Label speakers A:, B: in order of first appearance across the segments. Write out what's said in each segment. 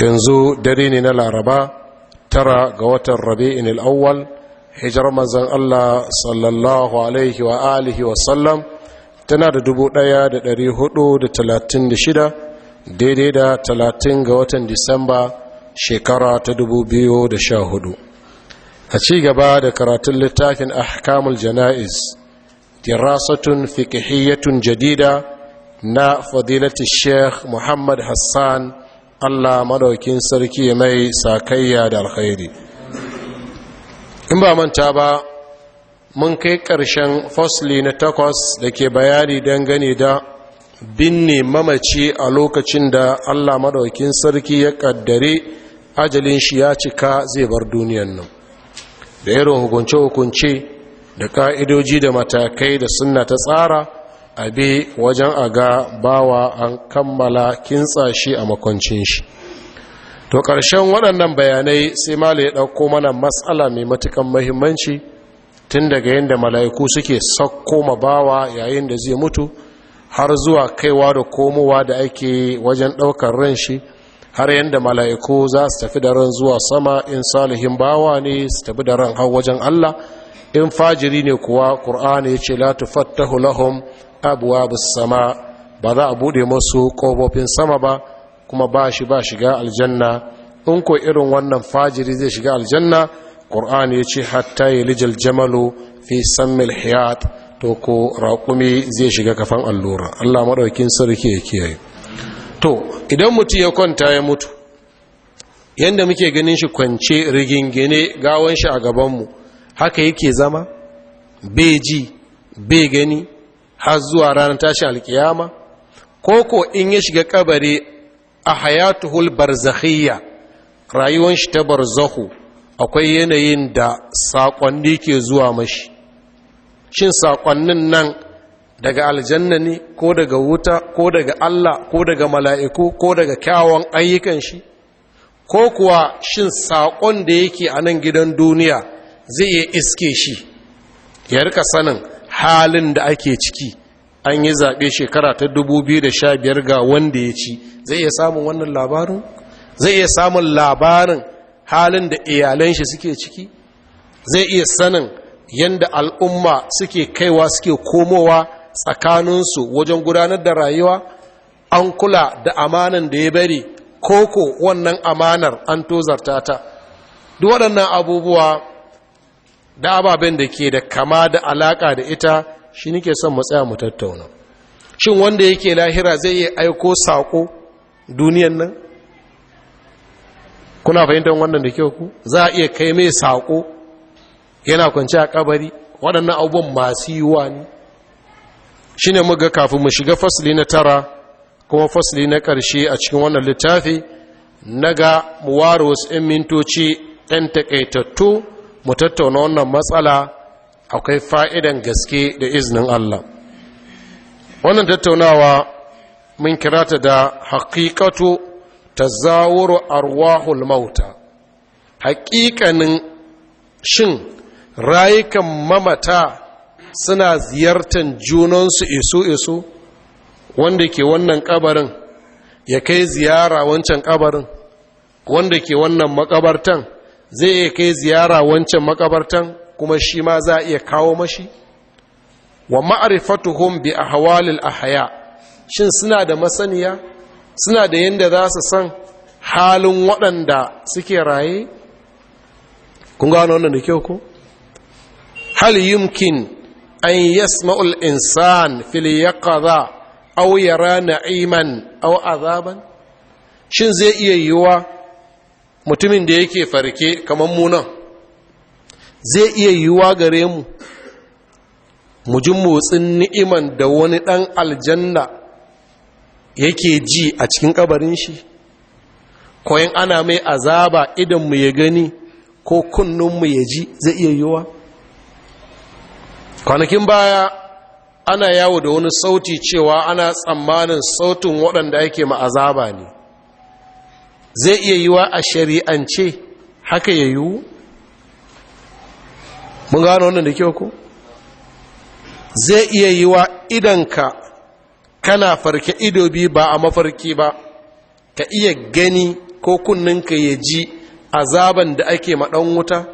A: yanzu dare ne na laraba tara ga watan rabi'in al'awwal hijar mazan Allah sallallahu alaihi wa alihi wa sallam tana da dubu ɗaya da da hudu talatin shida daidai da talatin ga watan disamba shekara ta dubu biyu da sha hudu. a ci gaba da karatun littafin ahkamul jana'iz dirasatun fikihiyyatun jadida na fadilati sheikh muhammad hassan allah madaukin sarki mai sakayya da alkhairi in ba manta ba mun kai ƙarshen fosli na takwas da ke bayani dangane da binne mamaci a lokacin da allah madaukin sarki ya ƙaddare ajalin shi ya cika zai bar duniyan nan da irin hukunce-hukunce da ka'idoji da matakai da sunna ta tsara abe wajen a ga bawa an kammala kintsa shi a makoncin shi to ƙarshen waɗannan bayanai sai mala ya ɗauko mana matsala mai matukan mahimmanci tun daga yadda mala'iku suke sakko ma bawa yayin da zai mutu har zuwa kaiwa da komowa da ake wajen ɗaukar ran shi har yadda mala'iku za su tafi da ran zuwa sama in salihin bawa ne su tafi da ran har wajen allah in fajiri ne kuwa ƙur'ani ya ce la tufattahu lahum abuwa sama ba za a bude masu kofofin sama ba kuma ba shi ba shiga aljanna in ko irin wannan fajiri zai shiga aljanna ƙur'ani ya ce hatta lijal jamalu fi sammil hiyat to ko raƙumi zai shiga kafan allura Allah maɗaukin sarki ya kiyaye to idan mutum ya kwanta ya mutu yadda muke ganin shi kwance rigingine gawan shi a gabanmu haka yake zama bai ji bai gani har zuwa ranar tashin alkiyama ko ko in ya shiga kabari a hayatuhul barzakhiyya rayuwar shi ta barzahu akwai yanayin da saƙonni ke zuwa mashi shin saƙonnin nan daga aljanna ne ko daga wuta ko daga Allah ko daga mala'iku ko daga kyawun ayyukan shi ko kuwa shin saƙon da yake a nan gidan duniya zai iya iske shi ya rika sanin halin da ake ciki an yi zaɓe shekara ta 2015 ga wanda ya ci zai iya samun wannan labarin zai iya samun labarin halin da iyalan shi suke ciki zai iya sanin yadda al'umma suke kaiwa suke komowa tsakaninsu wajen gudanar da rayuwa an kula da amanan da ya bari koko wannan amanar an tozarta ta duk waɗannan abubuwa da ababen da ke da kama da alaka da ita shi nike son matsaya mu tattauna shin wanda yake lahira zai iya aiko sako duniyan nan kuna fahimtar wannan da kyau ku za a iya kai mai sako yana kwanci a kabari waɗannan abubuwan masu wa ne shi ne muga kafin mu shiga fasili na tara kuma fasili na ƙarshe a cikin wannan littafi na ga mu ware wasu 'yan mintoci 'yan taƙaitattu mu tattauna wannan matsala akwai fa'idan gaske da iznin Allah wannan tattaunawa mun kira ta da haƙiƙatu ta zawuru arwahul mauta haƙiƙanin shin rayukan mamata suna ziyartar junansu isu-isu wanda ke wannan ƙabarin ya kai ziyara wancan ƙabarin, wanda ke wannan makabartan zai iya kai ziyara wancan makabartan kuma shi ma za a iya kawo mashi wa ma'rifatuhum bi ahwalil ahya shin suna da masaniya suna da yanda za su san halin waɗanda suke raye kun gano wannan da kyau ko hal yumkin an yasma'ul insan fil yaqadha aw yara na'iman aw azaban shin zai iya yiwuwa mutumin da yake farke kamar munan zai iya yiwuwa gare mu mu ji motsin ni'iman da wani ɗan aljanna yake ji a cikin kabarin shi koyan ana mai azaba idan mu ya gani ko mu ya ji zai iya yiwuwa kwanakin baya ana yawo da wani sauti cewa ana tsammanin sautin waɗanda ake ma azaba ne zai iya yiwa a shari'ance haka ya yiwu mun gano wannan da kyau ku zai iya yiwa idanka kana farke ido bi ba a mafarki ba ka iya gani ko kunninka ya ji azaban da ake maɗan wuta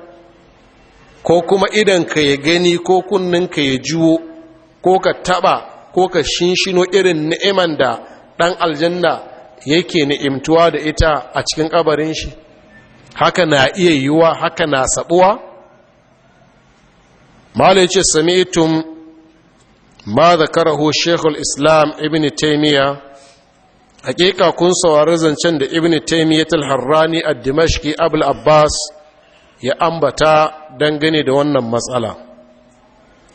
A: ko kuma idan ka ya gani ko kunninka ya juwo ko ka taɓa ko ka shinshino irin ni'iman da ɗan aljanna yake ni'imtuwa da ita a cikin kabarin shi haka na iya yiwuwa haka na sabuwa malai ce sami'tum ma zakarahu shekul islam ibn taimiyya hakika kun saurari zancen da ibn Taimiyya harrani a dimashki abul abbas ya ambata dangane da wannan matsala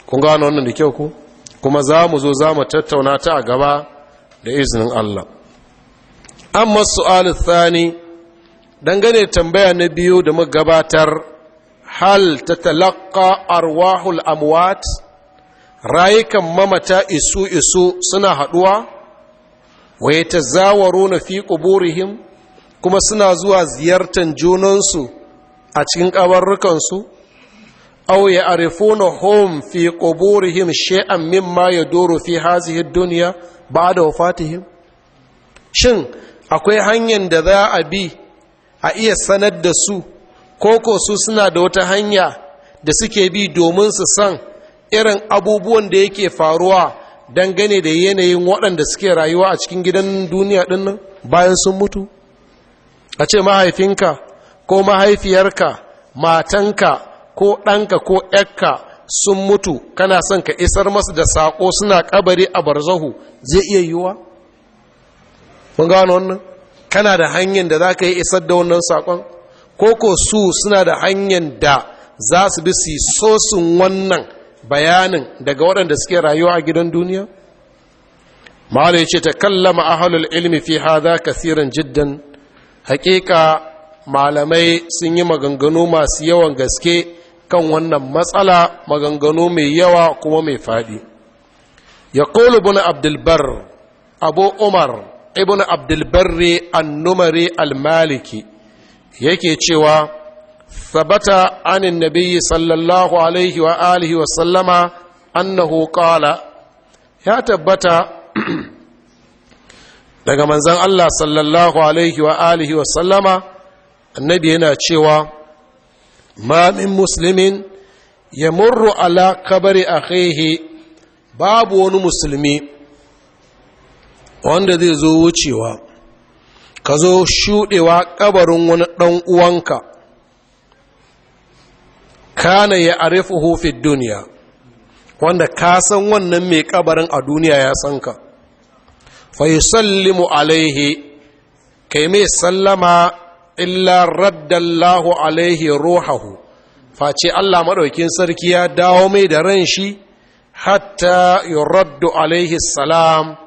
A: kun gano wannan da kyau ku kuma za mu zo za mu tattauna ta a gaba da izinin allah amma su'al thani dangane tambaya na biyu da muka gabatar hal talaka arwahul amwat rayukan mamata isu isu suna haduwa wa na fi quburihim kuma suna zuwa ziyartar junansu a cikin kabarrukansu au ya na hum fi quburihim shay'an mimma doro fi duniya ba da wafatihim shin akwai hanyar da za a bi a iya sanar da su ko ko su suna da wata hanya da suke bi domin su san irin abubuwan da yake faruwa dangane da yanayin waɗanda suke rayuwa a cikin gidan duniya ɗinnan bayan sun mutu a ce mahaifinka ko mahaifiyarka matanka ko ɗanka ko ƴakka sun mutu kana son ka isar masu da saƙo suna ƙabari a barzahu zai iya yiwuwa mun gano wannan kana da hanyar da za ka yi isar da wannan saƙon ko ko su suna da hanyar da za su bi su sosin wannan bayanin daga waɗanda suke rayuwa a gidan duniya ma'ala ya ce ta kallama ahalul ilmi fi ka kasirin jiddan Haƙiƙa malamai sun yi maganganu masu yawan gaske kan wannan matsala maganganu mai yawa kuma mai faɗi ya bin abdulbar abu umar ibn abdulbarri annumari almaliki yake cewa sabata anin nabiyyi sallallahu alaihi wa alihi wa sallama annahu qala ya tabbata daga manzan Allah sallallahu alaihi wa alihi wa sallama annabi yana cewa ma min muslimin yamurru ala kabari akhihi babu wani musulmi wanda zai zo wucewa ka zo shuɗewa ƙabarin wani ɗan uwanka kana ya arifu fi duniya wanda ka san wannan mai ƙabarin a duniya ya san ka fa yusallimu alaihi kai mai sallama illa raddallahu alaihi ruhahu face Allah maɗaukin sarki ya dawo mai da ran shi hatta raddu alaihi salam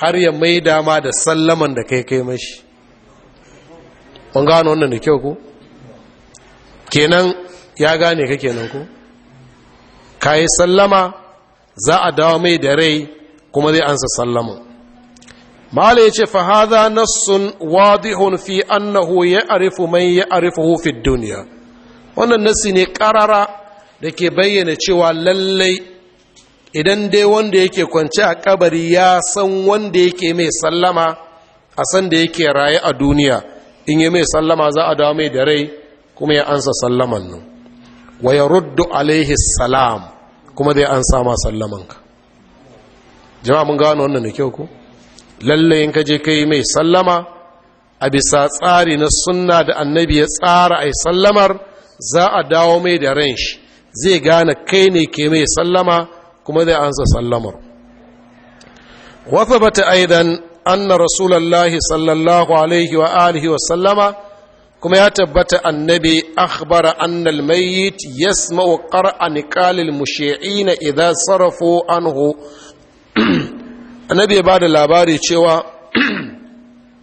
A: har ya mai dama da sallaman da kai kai mashi mun gano wannan da kyau ku? kenan ya gane ka kenan ku? ka yi sallama za a dawo mai da rai kuma zai ansa sallama mala ya ce fahaza nassun wadihun fi annahu ya arifu mai ya arifu fi duniya wannan nasi ne ƙarara da ke bayyana cewa lallai idan dai wanda yake kwance a kabari ya san wanda yake mai sallama a san da yake raye a duniya in yi mai sallama za a dawo mai da rai kuma ya ansa sallaman nan wa ya ruddu alaihi salam kuma zai ansa ma sallaman ka jama'a mun gano wannan da kyau ko lalle in ka je kai mai sallama a bisa tsari na sunna da annabi ya tsara a sallamar za a dawo mai da ran shi zai gane kai ne ke mai sallama kuma zai ansa sallamar wathabata aidan anna rasulullahi sallallahu alaihi wa alihi wa sallama kuma ya tabbata annabi akhbara anna almayyit yasma'u qar'a niqalil mushi'ina idza sarafu anhu annabi ya bada labari cewa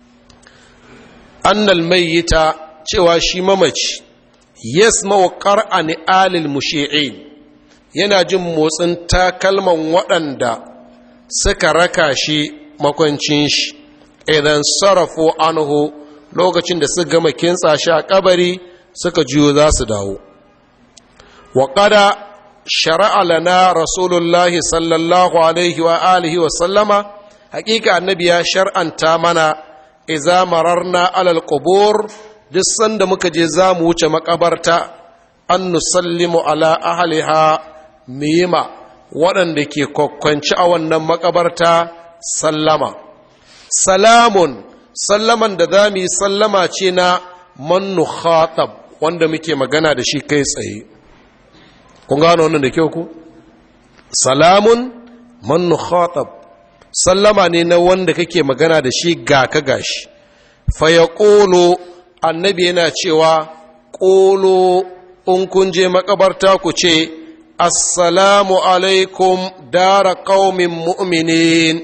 A: annal mayyita cewa shi mamaci yasma'u qar'a niqalil mushi'in yana jin motsin takalman waɗanda suka raka shi makwancin shi idan sarrafo anhu lokacin da suka gama kintsa shi a ƙabari suka juyo za su dawo waƙada shara'a lana rasulullah sallallahu alaihi wa alihi wa sallama hakika annabi ya shar'anta mana iza mararna alal qubur duk sanda muka je za mu wuce makabarta an nusallimu ala ahliha miyima waɗanda ke kwakwanci a wannan makabarta sallama salamun sallaman da za mu yi sallama ce na mannu khatab wanda muke magana da shi kai tsaye kun gano wannan da kyau ku salamun mannu khatab sallama ne na wanda kake magana da shi ga ka gashi fa ya annabi yana cewa ƙolo in kunje je makabarta ku ce assalamu alaikum dara qaumin mu'minin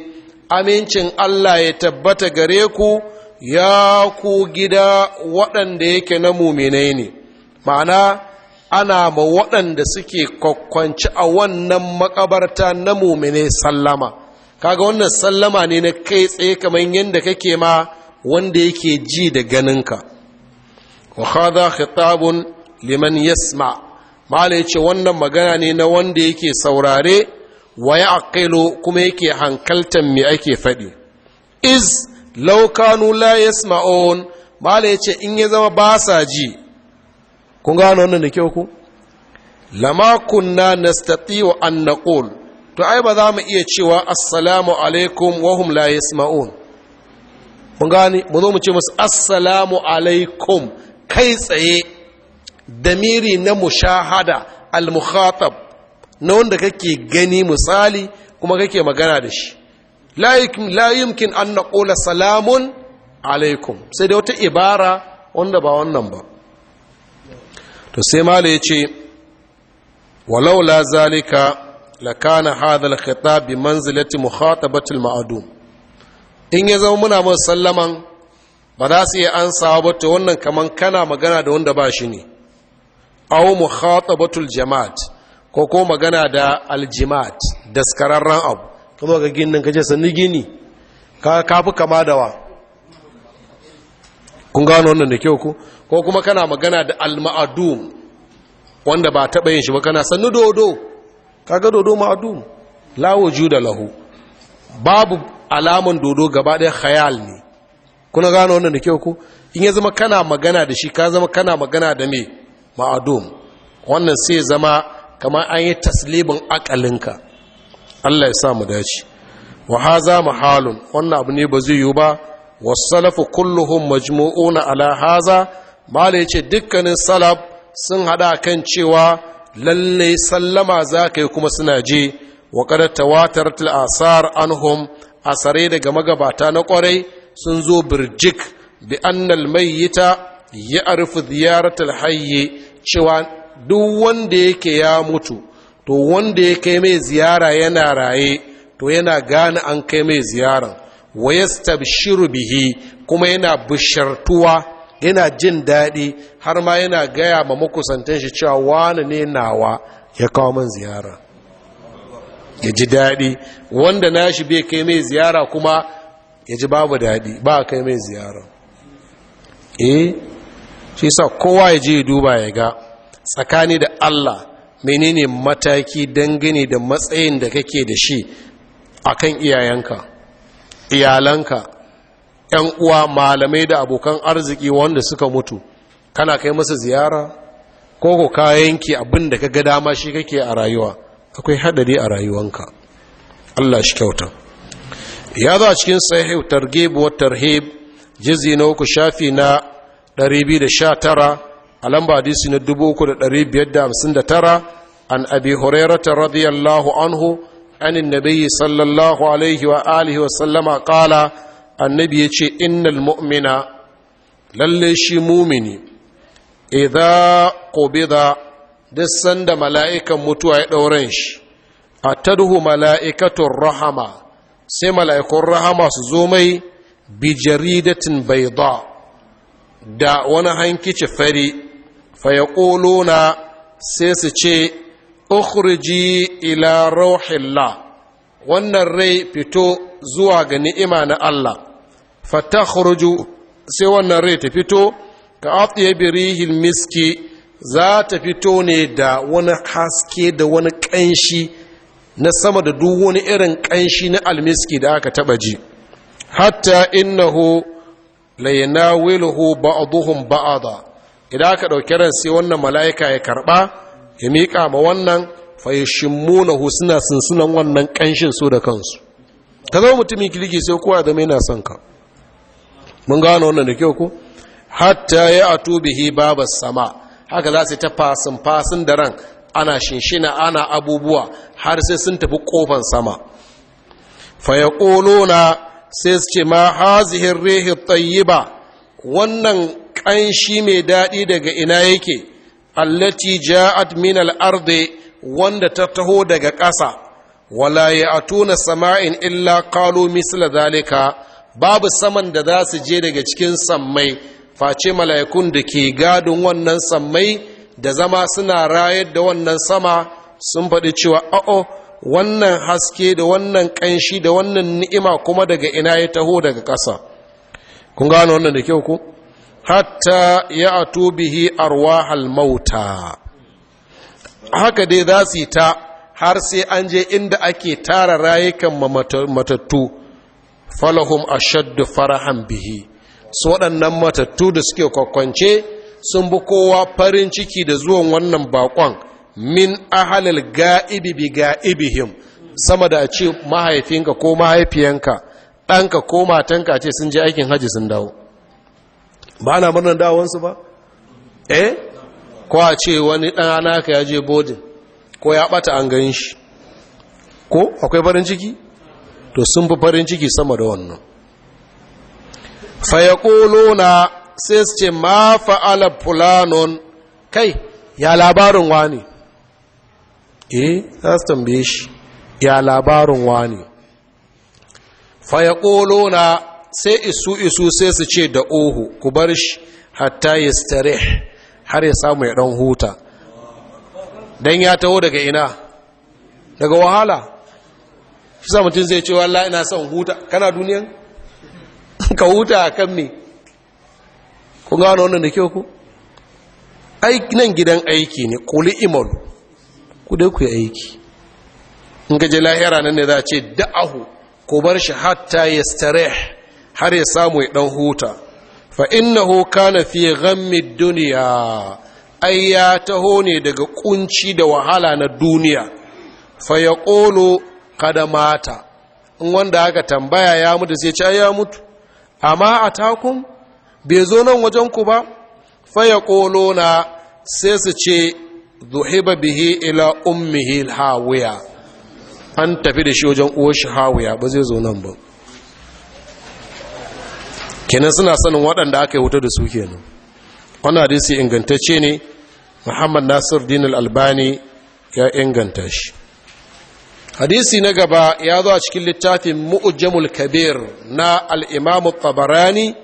A: amincin Allah ya tabbata gare ku ya ku gida waɗanda yake na muminai ne ma'ana ana ma waɗanda suke kwakwanci a wannan makabarta na muminai sallama kaga wannan sallama ne na kai tsaye kamar yadda kake ma wanda yake ji da ganinka wa hadha khitabun liman yasma' mala ya ce wannan magana ne na wanda yake saurare wa ya aqilu kuma yake hankaltan me ake faɗi is laukanu la yasma'un mala ya ce in ya zama ba sa ji kun gano wannan da kyau ku lama kunna wa an naqul to ai ba za mu iya cewa assalamu alaikum wa hum la yasma'un kun gane mu zo mu ce musu assalamu alaikum kai tsaye damiri na mushahada al-mukhatab na wanda kake gani misali kuma kake magana da shi la yumkin an naqula salamun alaikum sai da wata ibara wanda ba wannan ba to sai mala yace walau la zalika lakana hadha al-khitab bi manzilati mukhatabati al-ma'dum in ya zama muna mun sallaman ba za su yi an sawa ba to wannan kaman kana magana da wanda ba shi ne aw mukhatabatul jamaat ko ko magana da aljimaat daskararren abu ka ga ginin kace sanni gini ka kafi kama da wa kun gano wannan da kyau ko ko kuma kana magana da alma'adum wanda ba taɓa yin shi ba kana sanni dodo kaga dodo ma'adum la wujuda lahu babu alaman dodo gaba daya khayal ne kuna gano wannan da kyau ko in ya zama kana magana da shi ka zama kana magana da me ma'adum wannan sai zama kamar an yi taslibin akalinka Allah ya sa mu dace wa haza mahalun wannan abu ne ba zai yi ba wasalafu kulluhum majmu'una ala haza mala yace dukkanin salaf sun hada kan cewa lalle sallama za yi kuma suna je wa qad tawatarat al-asar anhum asare daga magabata na kwarai sun zo birjik bi annal mayyita ya'rifu rufe ziyaratul hayy cewa duk wanda yake ya mutu to wanda ya kai mai ziyara yana raye to yana gane an kai mai ziyaran wa bihi kuma yana bishartuwa yana jin daɗi har ma yana gaya ma makusantan shi cewa wani ne nawa ya kawo man ziyara ya ji daɗi wanda na shi bai kai mai ziyara kuma ya ji babu daɗi ba kai mai ziyara eh shi sa kowa ya je duba ya ga tsakani da Allah menene mataki dangane da matsayin da kake da shi a kan iyayenka iyalanka yan uwa malamai da abokan arziki wanda suka mutu kana kai masa ziyara ko ko kayanki abin da ka ga dama shi kake a rayuwa akwai hadari a rayuwanka Allah shi kyauta ya zo a cikin sahih targhib wa tarhib jizi na uku shafi na 219 a lamba hadisi na 3559 an abi hurairata radiyallahu anhu an annabi sallallahu alaihi wa alihi wa sallama qala annabi yace innal mu'mina lalle shi mumini idza qubida duk sanda mala'ikan mutuwa ya ɗauren shi a taduhu mala'ikatun rahama sai mala'ikun rahama su zo mai bi jaridatin baida da wani hankici fari ƙoluna sai su ce ukhriji ila la, wannan rai fito zuwa ga ni'ima na Allah fatakhruju sai wannan rai ta fito ka afiye rihil miski za ta fito ne da wani haske da wani ƙanshi na sama da duk wani irin ƙanshi na almiski da aka taɓa ji hatta innahu la yanawiluhu ba'dhum ba'da idan aka ɗauki ran sai wannan mala'ika ya karɓa ya mika ma wannan fa yashmunahu suna sunsunan wannan kanshin su da kansu ta zama mutumin kirki sai kowa da mai na son ka mun gano wannan da kyau ko hatta ya atu bihi babas sama haka za su ta fasin fasin da ran ana shinshina ana abubuwa har sai sun tafi kofan sama fa sai su ce ma hazihin yi tayyiba wannan ƙanshi mai daɗi daga ina yake allati ja'at min al-ardi wanda ta taho daga ƙasa wala ya'tuna sama'in illa qalu misla zalika babu saman da za su je daga cikin sammai face mala'ikun da ke gadon wannan sammai da zama suna rayar da wannan sama sun faɗi cewa a'o wannan haske da wannan kanshi da wannan ni'ima kuma daga ina ya taho daga ƙasa kun gano wannan da kyau ku hatta ya ato bihi arwahal mauta haka dai za su yi ta har sai an je inda ake tara rayukan matattu falahum ashaddu farahan bihi su waɗannan matattu da suke kwakwance sun bi kowa farin ciki da zuwan wannan bakon min ahalil ga'ibi bi ga'ibihim sama da a ce mahaifinka ko mahaifiyanka ɗanka ko matanka ce sun je aikin haji sun dawo ba na murnan dawansu ba eh ko a ce wani ɗana ka ya je bodin ko ya ɓata an gan shi ko akwai farin ciki to sun fi farin ciki sama da wannan fayakolona sai su ce ma fa'ala fulanon kai ya labarin wani eh za su tambaye shi ya labarin wani Fayakolo na sai isu isu sai su ce da ohu ku bar shi hatta ya stare har ya samu ya ɗan huta don ya taho daga ina daga wahala shi sa mutum zai ce wallah ina son huta kana duniyan ka huta a kan me ku gano wannan da kyau ku nan gidan aiki ne kuli imalu ku dai ku yi aiki in ka lahira nan ne za a ce da'ahu ko bar shi hatta ya stare har ya samu ya dan huta fa innahu kana fi ghammi duniya ai ya taho ne daga kunci da wahala na duniya fa ya kolo mata in wanda aka tambaya ya mutu sai ce ya mutu amma a takun bai zo nan wajen ku ba fa ya kolo na sai su ce zuhiba bihi ila ummihi hawiya an tafi da shi wajen shi hawuya ba zai zo nan ba kenan suna sanin waɗanda aka yi wuta da su kenan wannan hadisi ingantacce ne muhammad nasir din albani ya inganta shi hadisi na gaba ya zo a cikin littafin mu'ujamul kabir na imamu tabarani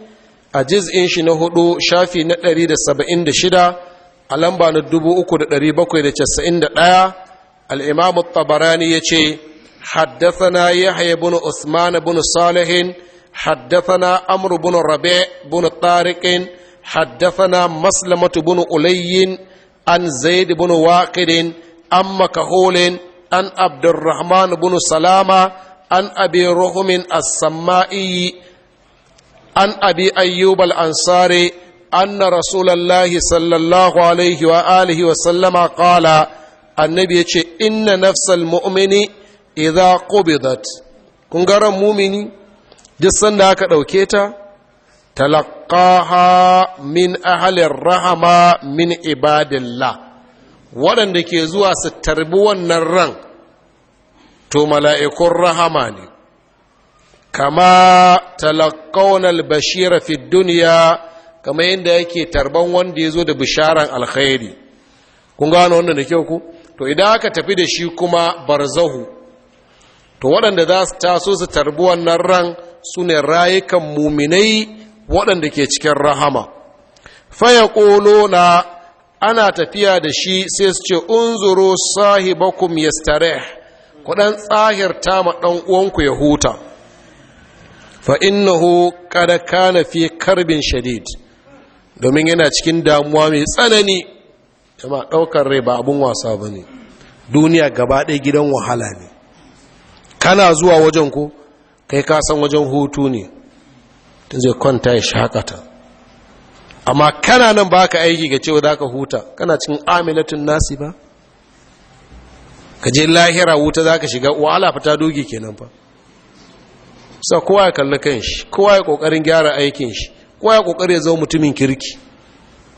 A: a jiz'in shi na hudu shafi na 176 a lamba na 3791 al’imamu tabarani ya ce haddathana yahya bin usman bin salihin Haddasana Amru bin rabe bin tariqin haddathana maslamatu bin ulayyin an zaid bin waqidin an makaholin an abdurrahman bin salama an abi ruhumin as an abi ayyub al-ansari أن رسول الله صلى الله عليه وآله وسلم قال النبي إن نفس المؤمن إذا قبضت كنغر مؤمني جسن داك دوكيتا تلقاها من أهل الرحمة من عباد الله waɗanda ke zuwa su tarbi wannan ran to mala'ikun rahama ne kama talakkaunal bashira fi duniya kamar yadda yake tarban wanda ya zo da bisharan alkhairi kun gano wannan da kyau ku to idan aka tafi da shi kuma barzahu to waɗanda za su taso su tarbi wannan ran su ne rayukan muminai waɗanda ke cikin rahama faya ƙolo na ana tafiya da shi sai su ce unzuro sahibakum yastare ku ɗan tsahirta ma ɗan uwanku ya huta fa innahu kada kana fi karbin shadid domin yana cikin damuwa mai tsanani jama ɗaukar rai ba abin wasa ba ne duniya gaba ɗaya gidan wahala ne kana zuwa wajen ko kai ka san wajen hutu ne ta zai kwanta ya shakata amma kana nan ba ka aiki ga cewa za ka huta kana cikin amilatun nasi ba ka je lahira wuta za ka shiga wahala fata dogi kenan fa sa kowa ya kalli kanshi, shi kowa ya kokarin gyara aikin shi ko ya kokari ya zama mutumin kirki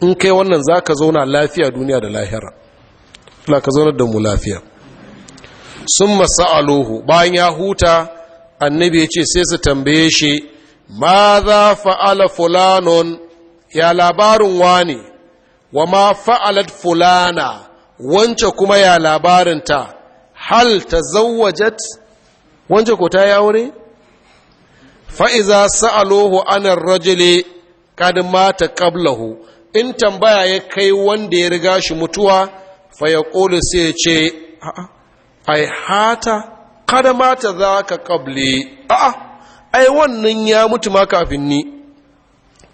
A: in kai wannan za ka zauna lafiya duniya da lahira la ka zaunar da mu lafiya sun masu masa'aluhu bayan ya huta annabi ya ce sai su tambaye shi ma za fa'ala fulanon ya labarin wani wa ma fa'alat fulana wance kuma ya labarinta hal ta zawajat wance ko ta yi aure fa'iza sa'alohu anar rajule kad mata qablahu in tambaya ya kai wanda ya riga shi mutuwa fa ya ƙoli sai ya ce ai hata kada mata za ka ƙable a'a ai wannan ya mutu ma kafin ni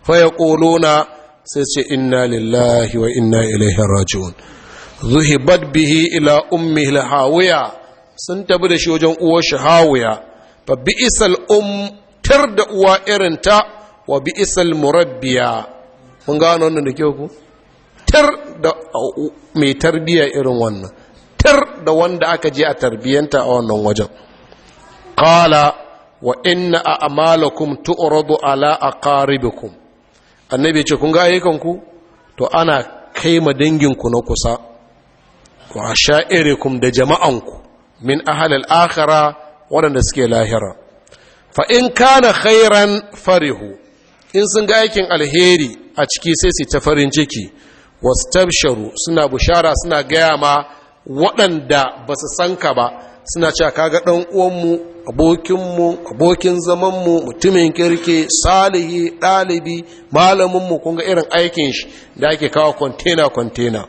A: fa ya na sai ce inna lillahi wa inna ilaihi raji'un zuhibat bihi ila ummi hawiya sun tabi da shi wajen uwar shi hawiya fa bi'sal um tar da uwa irinta wa bi isal murabbiya mun gano wannan da ke ku tar da mai tarbiya irin wannan tar da wanda aka je a tarbiyanta a wannan wajen qala wa inna a'malakum tu'radu ala aqaribikum annabi ce kun ga ayyukan ku to ana kai ma dangin ku na kusa wa asha'irikum da jama'an ku min ahlal akhirah waɗanda suke lahira fa in kana khairan farihu in sun ga aikin alheri a ciki sai su ta farin ciki Wasu wastabsharu suna bushara suna gaya ma waɗanda ba su san ka ba suna cewa kaga ɗan uwanmu abokinmu abokin zamanmu mutumin kirki salihi ɗalibi malaminmu kunga irin aikin shi da ake kawo kwantena kwantena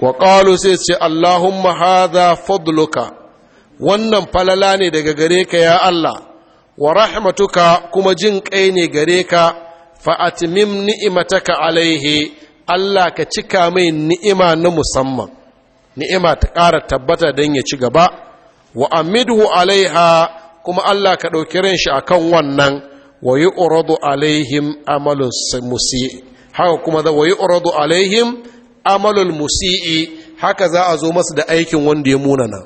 A: wa ƙalu sai ce allahumma hadha fadluka wannan falala ne daga gare ka ya allah wa rahmatuka kuma jin kai ne gare ka fa ni'imataka alaihi Allah ka cika mai ni'ima na musamman ni'ima ta ƙara tabbata don ya ci gaba wa amidhu alaiha kuma Allah ka ɗauki ran shi akan wannan wa yu'radu alaihim amalul musii haka kuma da wa yu'radu alaihim amalul musii haka za a zo masu da aikin wanda ya munana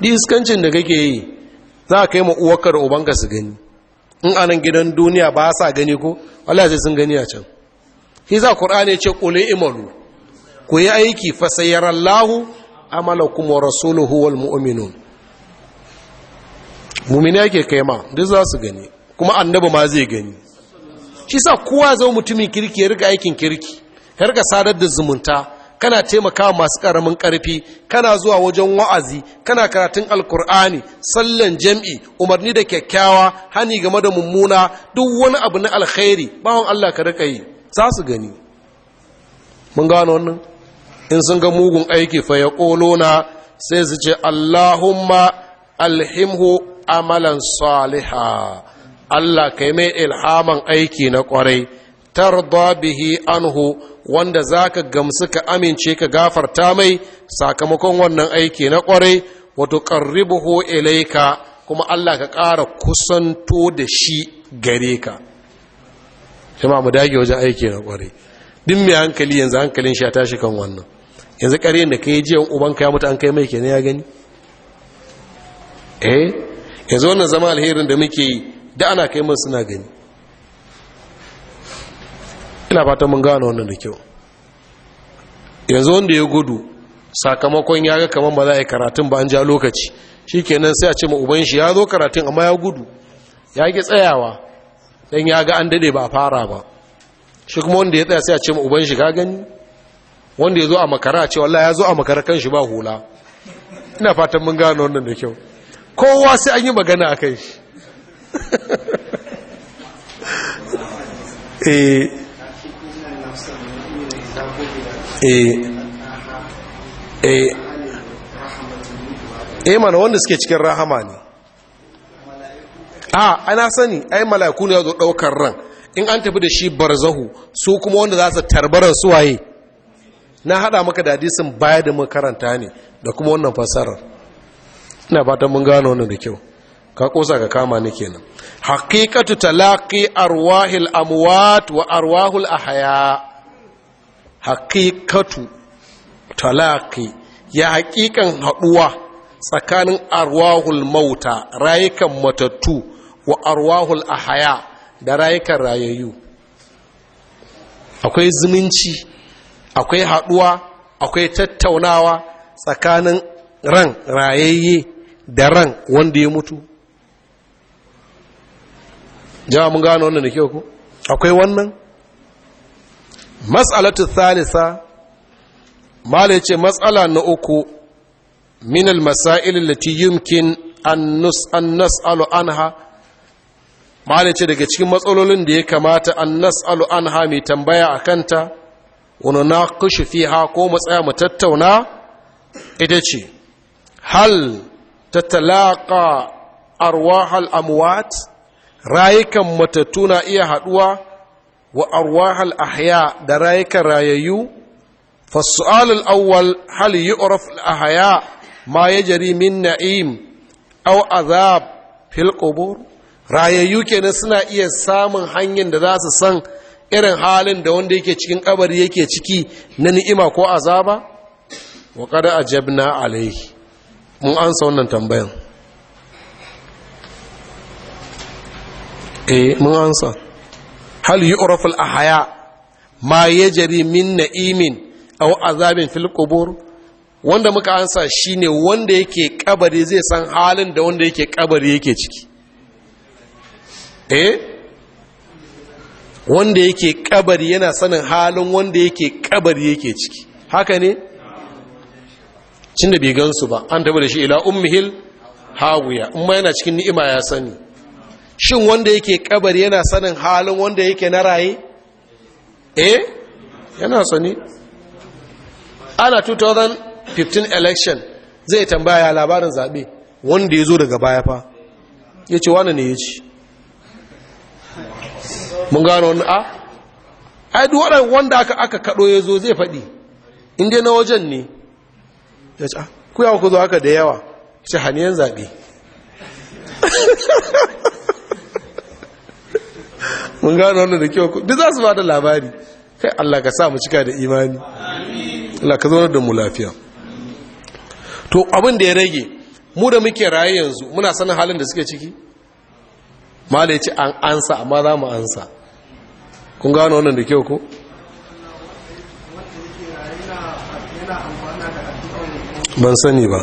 A: diskancin da kake yi za a kai ma uwarka da ubanka su gani in anan gidan duniya ba sa gani ko wala sai sun gani a can shi za Qur'ani ya ce qul imalu ku yi aiki fa sayyarallahu amalakum wa rasuluhu huwal mu'minun mu'mini yake kai duk za su gani kuma annabi ma zai gani shi sa kowa zai mutumin kirki ya rika aikin kirki ya rika sadar da zumunta kana taimaka masu ƙaramin ƙarfi kana zuwa wajen wa'azi kana karatun alkur'ani sallan jam'i umarni da kyakkyawa hani game da mummuna duk wani abu na alkhairi bawon Allah ka rika yi za su gani mun gano wannan in sun ga mugun aiki fa ya na sai su ce Allahumma alhimhu amalan saliha Allah ka yi mai ilhaman aiki na kwarai ترضى به anhu wanda ka gamsu ka amince ka gafarta mai sakamakon wannan aiki na kwarai wato tuqarribuhu ilayka kuma Allah ka ƙara kusanto da shi gare ka jama'a mu dage wajen aiki na kwarai din mai hankali yanzu hankalin shi ya tashi kan wannan yanzu ƙaryen da kai jiyan ka ya mutu an kai mai kenan ya gani eh yanzu wannan zama alherin da muke yi da ana kai mun suna gani ina fata mun gano wannan da kyau yanzu wanda ya gudu sakamakon ya ga kamar ba za a yi karatun ba an ja lokaci shi kenan sai a ce ma uban shi ya zo karatun amma ya gudu ya ki tsayawa don ya ga an dade ba a fara ba shi kuma wanda ya tsaya sai a ce ma uban shi ka gani wanda ya zo a makara a ce wala ya zo a makara kan shi ba hula ina fatan mun gano wannan da kyau kowa sai an yi magana a kai shi eh, E mana wanda suke cikin rahama ne a ah, ana sani ai mala'iku ne zo daukar ran in an tafi da shi barzahu su kuma wanda za su tarbaran suwaye na hada maka da hadisin baya da karanta ne da kuma wannan fasarar ina fatan mun gano wannan da kyau ka kosa ka kama ni kenan haqiqatu talaqi arwahil amwat wa arwahul ahya haƙiƙatu talaƙi ya haƙiƙan haɗuwa tsakanin arwahul mauta rayukan matattu wa arwahul ahaya da rayukan rayayyu akwai zumunci akwai haɗuwa akwai tattaunawa tsakanin ran rayayye da ran wanda ya mutu jama mun gano wannan da kyau ku akwai wannan matsalatu thalitha mala ce matsala na uku minal masail lati yumkin an nas'alu anha mala ce daga cikin matsalolin da ya kamata an nas'alu anha mai tambaya a kanta wani na kushi ha ko matsaya mu tattauna ita ce hal ta talaka arwahal amwat rayukan matattu na iya haɗuwa wa arwahal ahya da rayukan rayayyu fasu'al awwal hal yu'raf al-ahya ma yajri min na'im aw azab fil qubur rayayyu kenan suna iya samun hanyar da za su san irin halin da wanda yake cikin kabari yake ciki na ni'ima ko azaba wa qad ajabna alayhi mun ansa wannan tambayan eh mun ansa hal yu'rafu a haya, ma jarimin min na'imin a azabin fil wanda muka ansa shine wanda yake kabari zai san halin da wanda yake kabari yake ciki eh wanda yake kabari yana sanin halin wanda yake kabari yake ciki haka ne cin da bai gansu ba an da shi ila ummihil hawiya in ma yana cikin ni'ima ya sani shin wanda yake kabari yana sanin halin wanda yake na raye eh yana sani ana 2015 election zai tambaya labarin zaɓe wanda ya zo daga baya fa ya ce wani ne ya ci mun gano wani ah? a duk waɗanda wanda aka aka kaɗo ya zo zai faɗi inda na wajen ne ya ce ah, ku yawa ku zo haka da yawa ce haniyan zaɓe mun gano wannan da kyau duk za su ba da labari kai Allah ka sa mu cika da imani Allah ka zaunar da mu lafiya to abin da ya rage mu da muke raye yanzu muna sanin halin da suke ciki mala ce an ansa amma za mu ansa kun gano wannan da kyau ko ban sani ba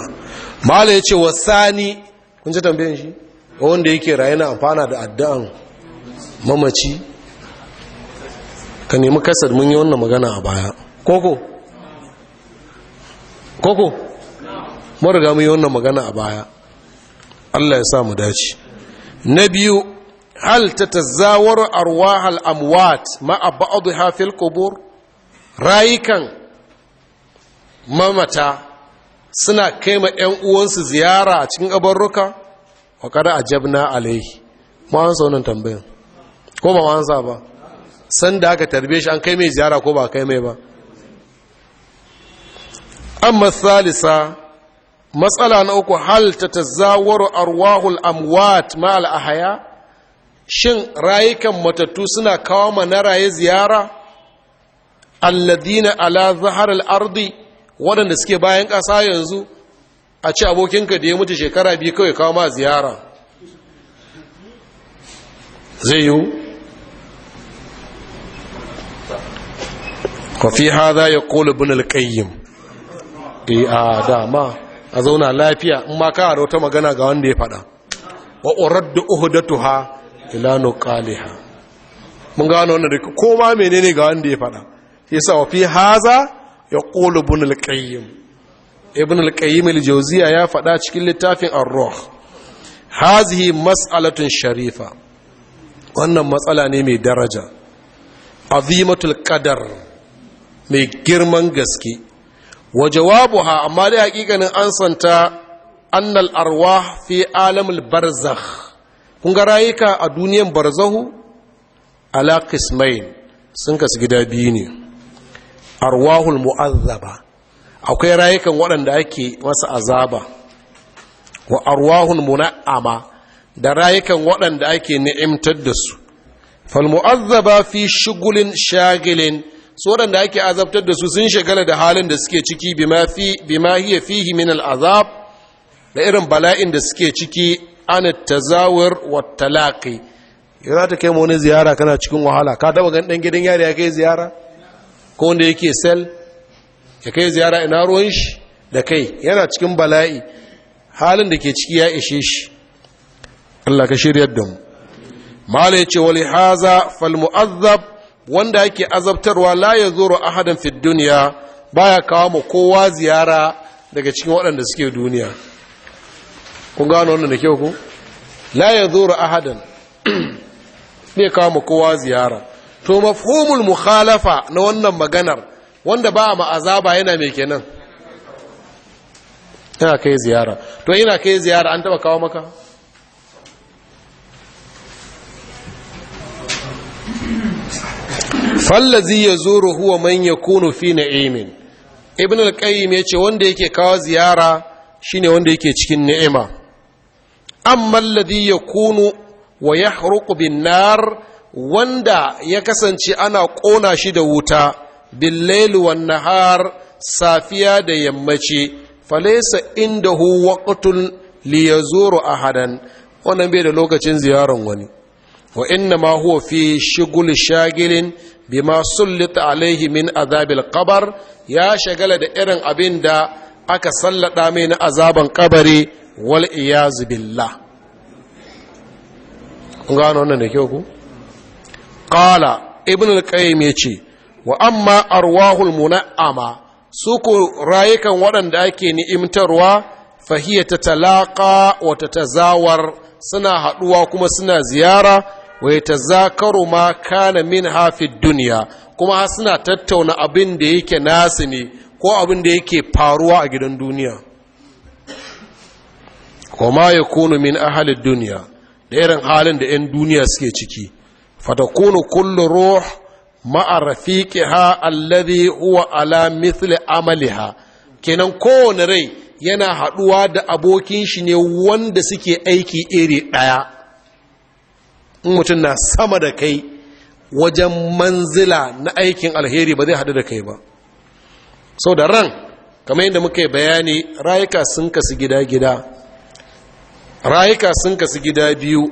A: mala ya ce wasani kun ci tambayin shi wanda yake raye na amfana da addu'an mamaci ka nemi kasar mun yi wannan magana a baya koko koko mariga mun yi wannan magana a baya allah ya sa mu dace na biyu hal ta tazawar arwahal amwat ma'a abu hafil kubur rayukan mamata suna kai ma 'yan uwansu ziyara a cikin abarruka wa kada a jabna alaihi ma'an saunin tambayin ko ba wansa ba sanda aka tarbe shi an kai mai ziyara ko ba kai mai ba amma salisa matsala na uku hal ta tazawaru arwahul amwat ma'al ahaya shin rayukan matattu suna kawo mana raye ziyara alladina ala zahar ardi waɗanda suke bayan ƙasa yanzu a ce abokinka da ya mutu shekara biyu kawai kawo ma ziyara zai yiwu wa fi hadha yaqulu ibn al-qayyim a dama a zauna lafiya in ma ka wata magana ga wanda ya faɗa wa uraddu uhdatuha ila nuqaliha mun gano wannan da ko menene ga wanda ya faɗa yasa wa fi haza ya ibn al-qayyim ibn al-qayyim al-jawziya ya faɗa cikin littafin ar-ruh hazihi mas'alatun sharifa wannan matsala ne mai daraja azimatul qadar mai girman gaske wa jawabuha amma dai hakikanin ansanta annal arwah fi alamul barzakh kun ga rayuka a duniyan barzahu ala qismain sun kasu gida biyu ne arwahul mu'azzaba akwai rayukan waɗanda ake masa azaba wa arwahul muna'ama da rayukan waɗanda ake ni'imtar da su fal mu'azzaba fi shugulin shagilin su waɗanda ake azabtar da su sun shagala da halin da suke ciki ma hiya fihi min al'azab da irin bala'in da suke ciki an tazawar wa talaqi yana ta kai wani ziyara kana cikin wahala ka taba gan ɗan gidan yari ya kai ziyara ko wanda yake sel ya kai ziyara ina ruwan shi da kai yana cikin bala'i halin da ke ciki ya ishe shi Allah ka shirya da mu mala yace wali haza fal mu'azzab wanda yake azabtarwa la zoro ahadan fid ba baya kawo mu kowa ziyara daga cikin waɗanda suke duniya kun gano wannan da kyau ku la zoro ahadan ya kawo mu kowa ziyara to mafhumul mukhalafa na wannan maganar wanda ba ma azaba yana mai kenan ina kai ziyara to ina kai ziyara an taba kawo maka fallazi ya zuru huwa man kunu fi na'imin ibn al-qayyim yace wanda yake kawo ziyara shine wanda yake cikin ni'ima amma alladhi yakunu wa yahruqu bin nar wanda ya kasance ana kona shi da wuta bil layli wan nahar safiya da yammaci falaysa indahu waqtun li yazuru ahadan wannan bai da lokacin ziyaran wani wa inna ma huwa fi shigul shagilin bima sullita alaihi min azabil qabar ya shagala da irin abin da aka sallada mai na azaban kabari wal iyazu billah gano wannan da kyau ku qala ibn al-qayyim yace wa amma arwahul muna'ama su ko rayukan waɗanda ake ni'imtarwa fahiyata talaƙa wa tatazawar suna haɗuwa kuma suna ziyara Waita ta zakaru ma kana min hafid duniya kuma har suna tattauna abin da yake nasu ne ko abin da yake faruwa a gidan duniya kuma ya kunu min ahalin duniya da irin halin da 'yan duniya suke ciki fatakunu kullu ruh ma'a ha alladhi huwa ala mithli amaliha kenan kowane rai yana haɗuwa da abokin shi ne wanda suke aiki iri ɗaya in mutum na sama da kai wajen manzila na aikin alheri ba zai haɗu da kai ba sau da ran kamar yadda muka yi bayani rayuka sun kasu gida-gida rayuka sun kasu gida biyu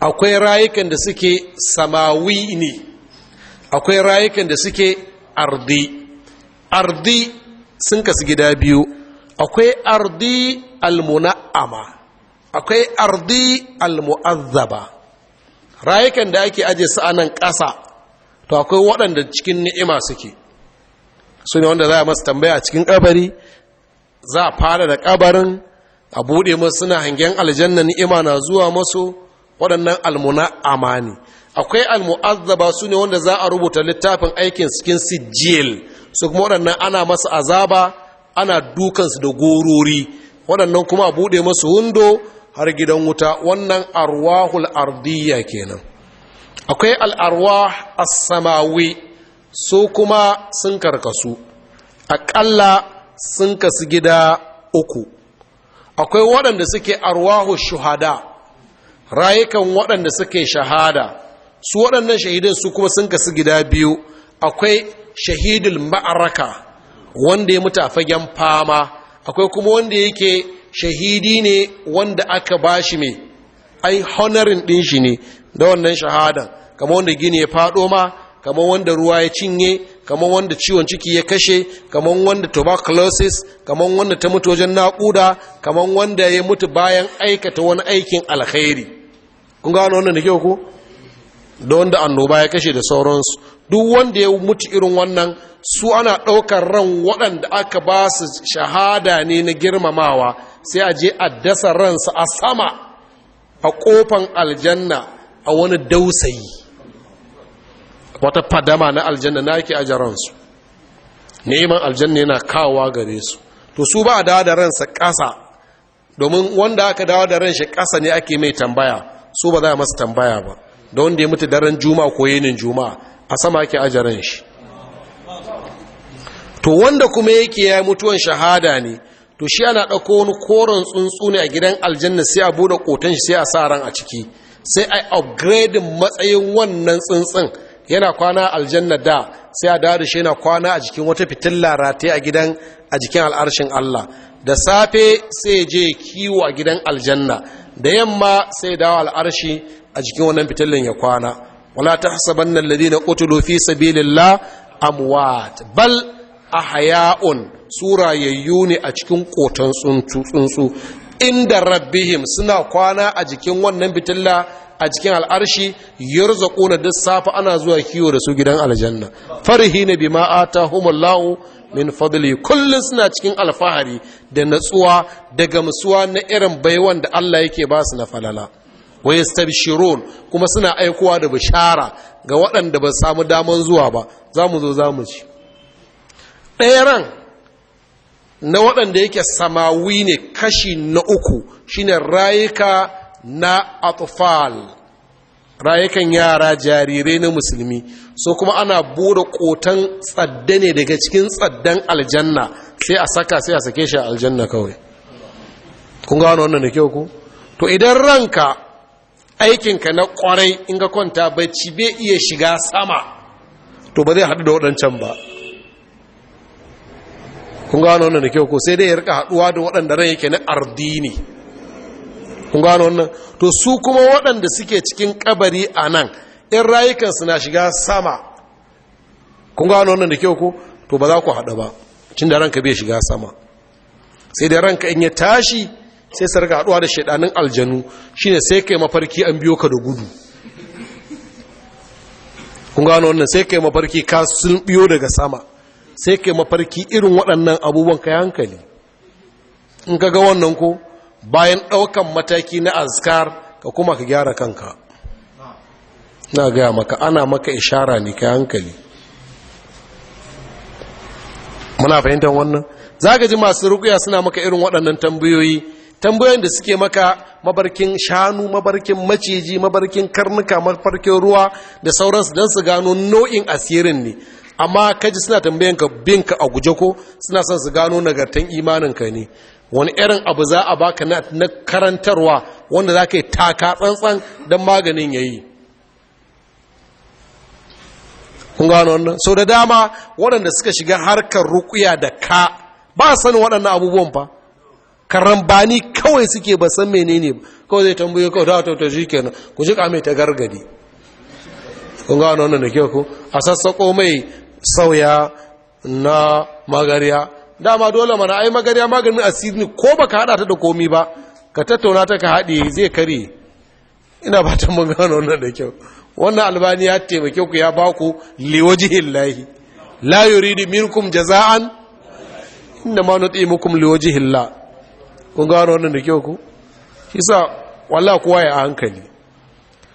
A: akwai rayukan da suke samawi ne akwai rayukan da suke ardi ardi sun kasu gida biyu akwai ardi almuna'ama akwai ardi almu'azzaba rayukan da ake aje su a nan ƙasa to akwai waɗanda cikin ni'ima suke su ne wanda za a masu tambaya a cikin ƙabari za a fara da ƙabarin a buɗe masu suna hangen aljanna ni'ima na zuwa masu waɗannan almuna amani akwai almu'azzaba su ne wanda za a rubuta littafin aikin cikin sijil su kuma waɗannan ana masu azaba ana dukansu da gorori waɗannan kuma a buɗe masu hundo har gidan wuta wannan arwahul ardiyya kenan akwai alarwah as-samawi su kuma sun karkasu aƙalla sun kasu gida uku akwai waɗanda suke arwahu shuhada rayukan waɗanda suke shahada su waɗannan shahidin su kuma sun kasu gida biyu akwai shahidul ma'araka wanda ya mutu a fagen fama akwai kuma wanda yake shahidi ne wanda aka bashi mai ai honorin ɗin shi ne da wannan shahadan kamar wanda gini ya faɗo ma kamar wanda ruwa ya cinye kamar wanda ciwon ciki ya kashe kamar wanda tuberculosis kamar wanda ta mutu wajen naƙuda kamar wanda ya mutu bayan aikata wani aikin alkhairi kun gano wannan da kyau ko da annoba ya kashe da sauransu duk wanda ya mutu irin wannan su ana ɗaukar ran waɗanda aka ba su shahada ne na girmamawa sai a je a dasa ransa a sama a ƙofan aljanna a wani dausayi wata fadama na aljanna na ake aje ransu neman aljanna yana kawowa gare su to su ba a dawo da ransa ƙasa domin wanda aka dawo da ransa ƙasa ne ake mai tambaya su ba za a masa tambaya ba da wanda ya mutu daren juma ko yinin juma a sama ake ajaren shi to wanda kuma yake ya mutuwan shahada ne to shi ana ɗauko wani koren tsuntsu ne a gidan aljanna sai a buɗe ƙoton shi sai a sa ran a ciki sai a upgrade matsayin wannan tsuntsun yana kwana aljanna da sai a dare shi yana kwana a jikin wata fitilla rate a gidan a jikin al'arshin Allah da safe sai je kiwo a gidan aljanna da yamma sai dawo al'arshi a jikin wannan fitillin ya kwana wala nan alladhina qutilu fi sabilillah amwat bal ahya'un surayayyu ne a cikin ƙoton tsuntsu inda rabbihim suna kwana a jikin wannan fitilla a cikin al'arshi na duk safa ana zuwa kiwo da su gidan aljanna bi ma'ata humallahu min fadli kullum suna cikin alfahari da natsuwa daga gamsuwa na irin baiwan da Allah yake ba su na falala wa yastabshirun kuma suna aikowa da bishara ga waɗanda ba samu daman zuwa ba za mu zo za mu ci ɗaya na waɗanda yake samawi ne kashi na uku shine rayuka na atfal rayukan yara jarirai na musulmi so kuma ana bude kotan tsadda ne daga cikin tsaddan aljanna sai a saka sai a sake shi a aljanna kawai kun gano wannan da kyau ku to idan ranka aikinka na kwarai in ga kwanta bacci bai iya shiga sama to ba zai haɗu da waɗancan ba kun gano wannan da kyau ku sai dai ya rika haduwa da waɗanda ran yake na ardini kun gano wannan to su kuma waɗanda suke cikin kabari a nan in rayukansu na shiga sama kun gano wannan da kyau ko to ba za ku haɗa ba cin da ranka bai shiga sama sai da ranka in ya tashi sai sarga haɗuwa da shaidanin aljanu shine sai kai mafarki an biyo ka da gudu kun gano wannan sai kai mafarki ka sun biyo daga sama sai kai mafarki irin waɗannan abubuwan ka hankali in ka ga wannan ko bayan ɗaukan mataki na azkar ka kuma ka gyara kanka na gaya maka ana maka ishara ne kai hankali muna fahimtar wannan za ka ji masu rukuya suna maka irin waɗannan tambayoyi tambayoyin da suke maka mabarkin shanu mabarkin maciji mabarkin karnuka mafarkin ruwa da sauransu don su gano nau'in asirin ne amma kaji suna tambayan ka bin ka a guje ko suna son su gano nagartan imanin ka ne wani irin abu za a baka na karantarwa wanda za ka yi taka tsantsan don maganin ya yi kun gano wannan sau da dama waɗanda suka shiga harkar rukuya da ka ba sanin waɗannan abubuwan fa karambani kawai suke ba san menene ba kawai zai tambaye kawai da ta tashi kenan ku ji kame ta gargadi kun gano wannan da kyau ku a sassako mai sauya na magariya dama dole mana ai magariya maganin asiri ko baka hada ta da komi ba ka tattauna ta ka haɗe zai kare ina ba ta mun gano wannan da kyau wannan albani ya taimake ku ya ba ku liwajihin lahi la yuridu minkum jaza'an inna ma nutimukum liwajihin la kun gano wannan da kyau ku kisa walla kowa ya hankali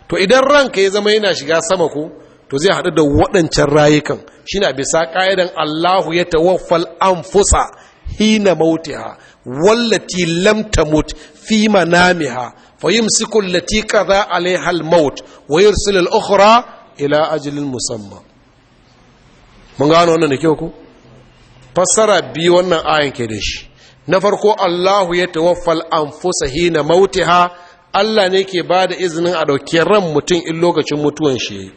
A: to idan ranka ya zama yana shiga sama ku to zai haɗu da waɗancan rayukan shine bisa ƙa'idan Allahu ya an fusa. hina mautiha wallati lam tamut fi manamiha fayumsiku allati qada alaiha al wa yursilu al ila ajalin musamma mun gano wannan da kyau ku fassara biyu wannan ayan ke da shi na farko Allahu ya tawaffal anfusa hina mautiha Allah ne ke ba da izinin a ɗauki ran mutum in lokacin mutuwan shi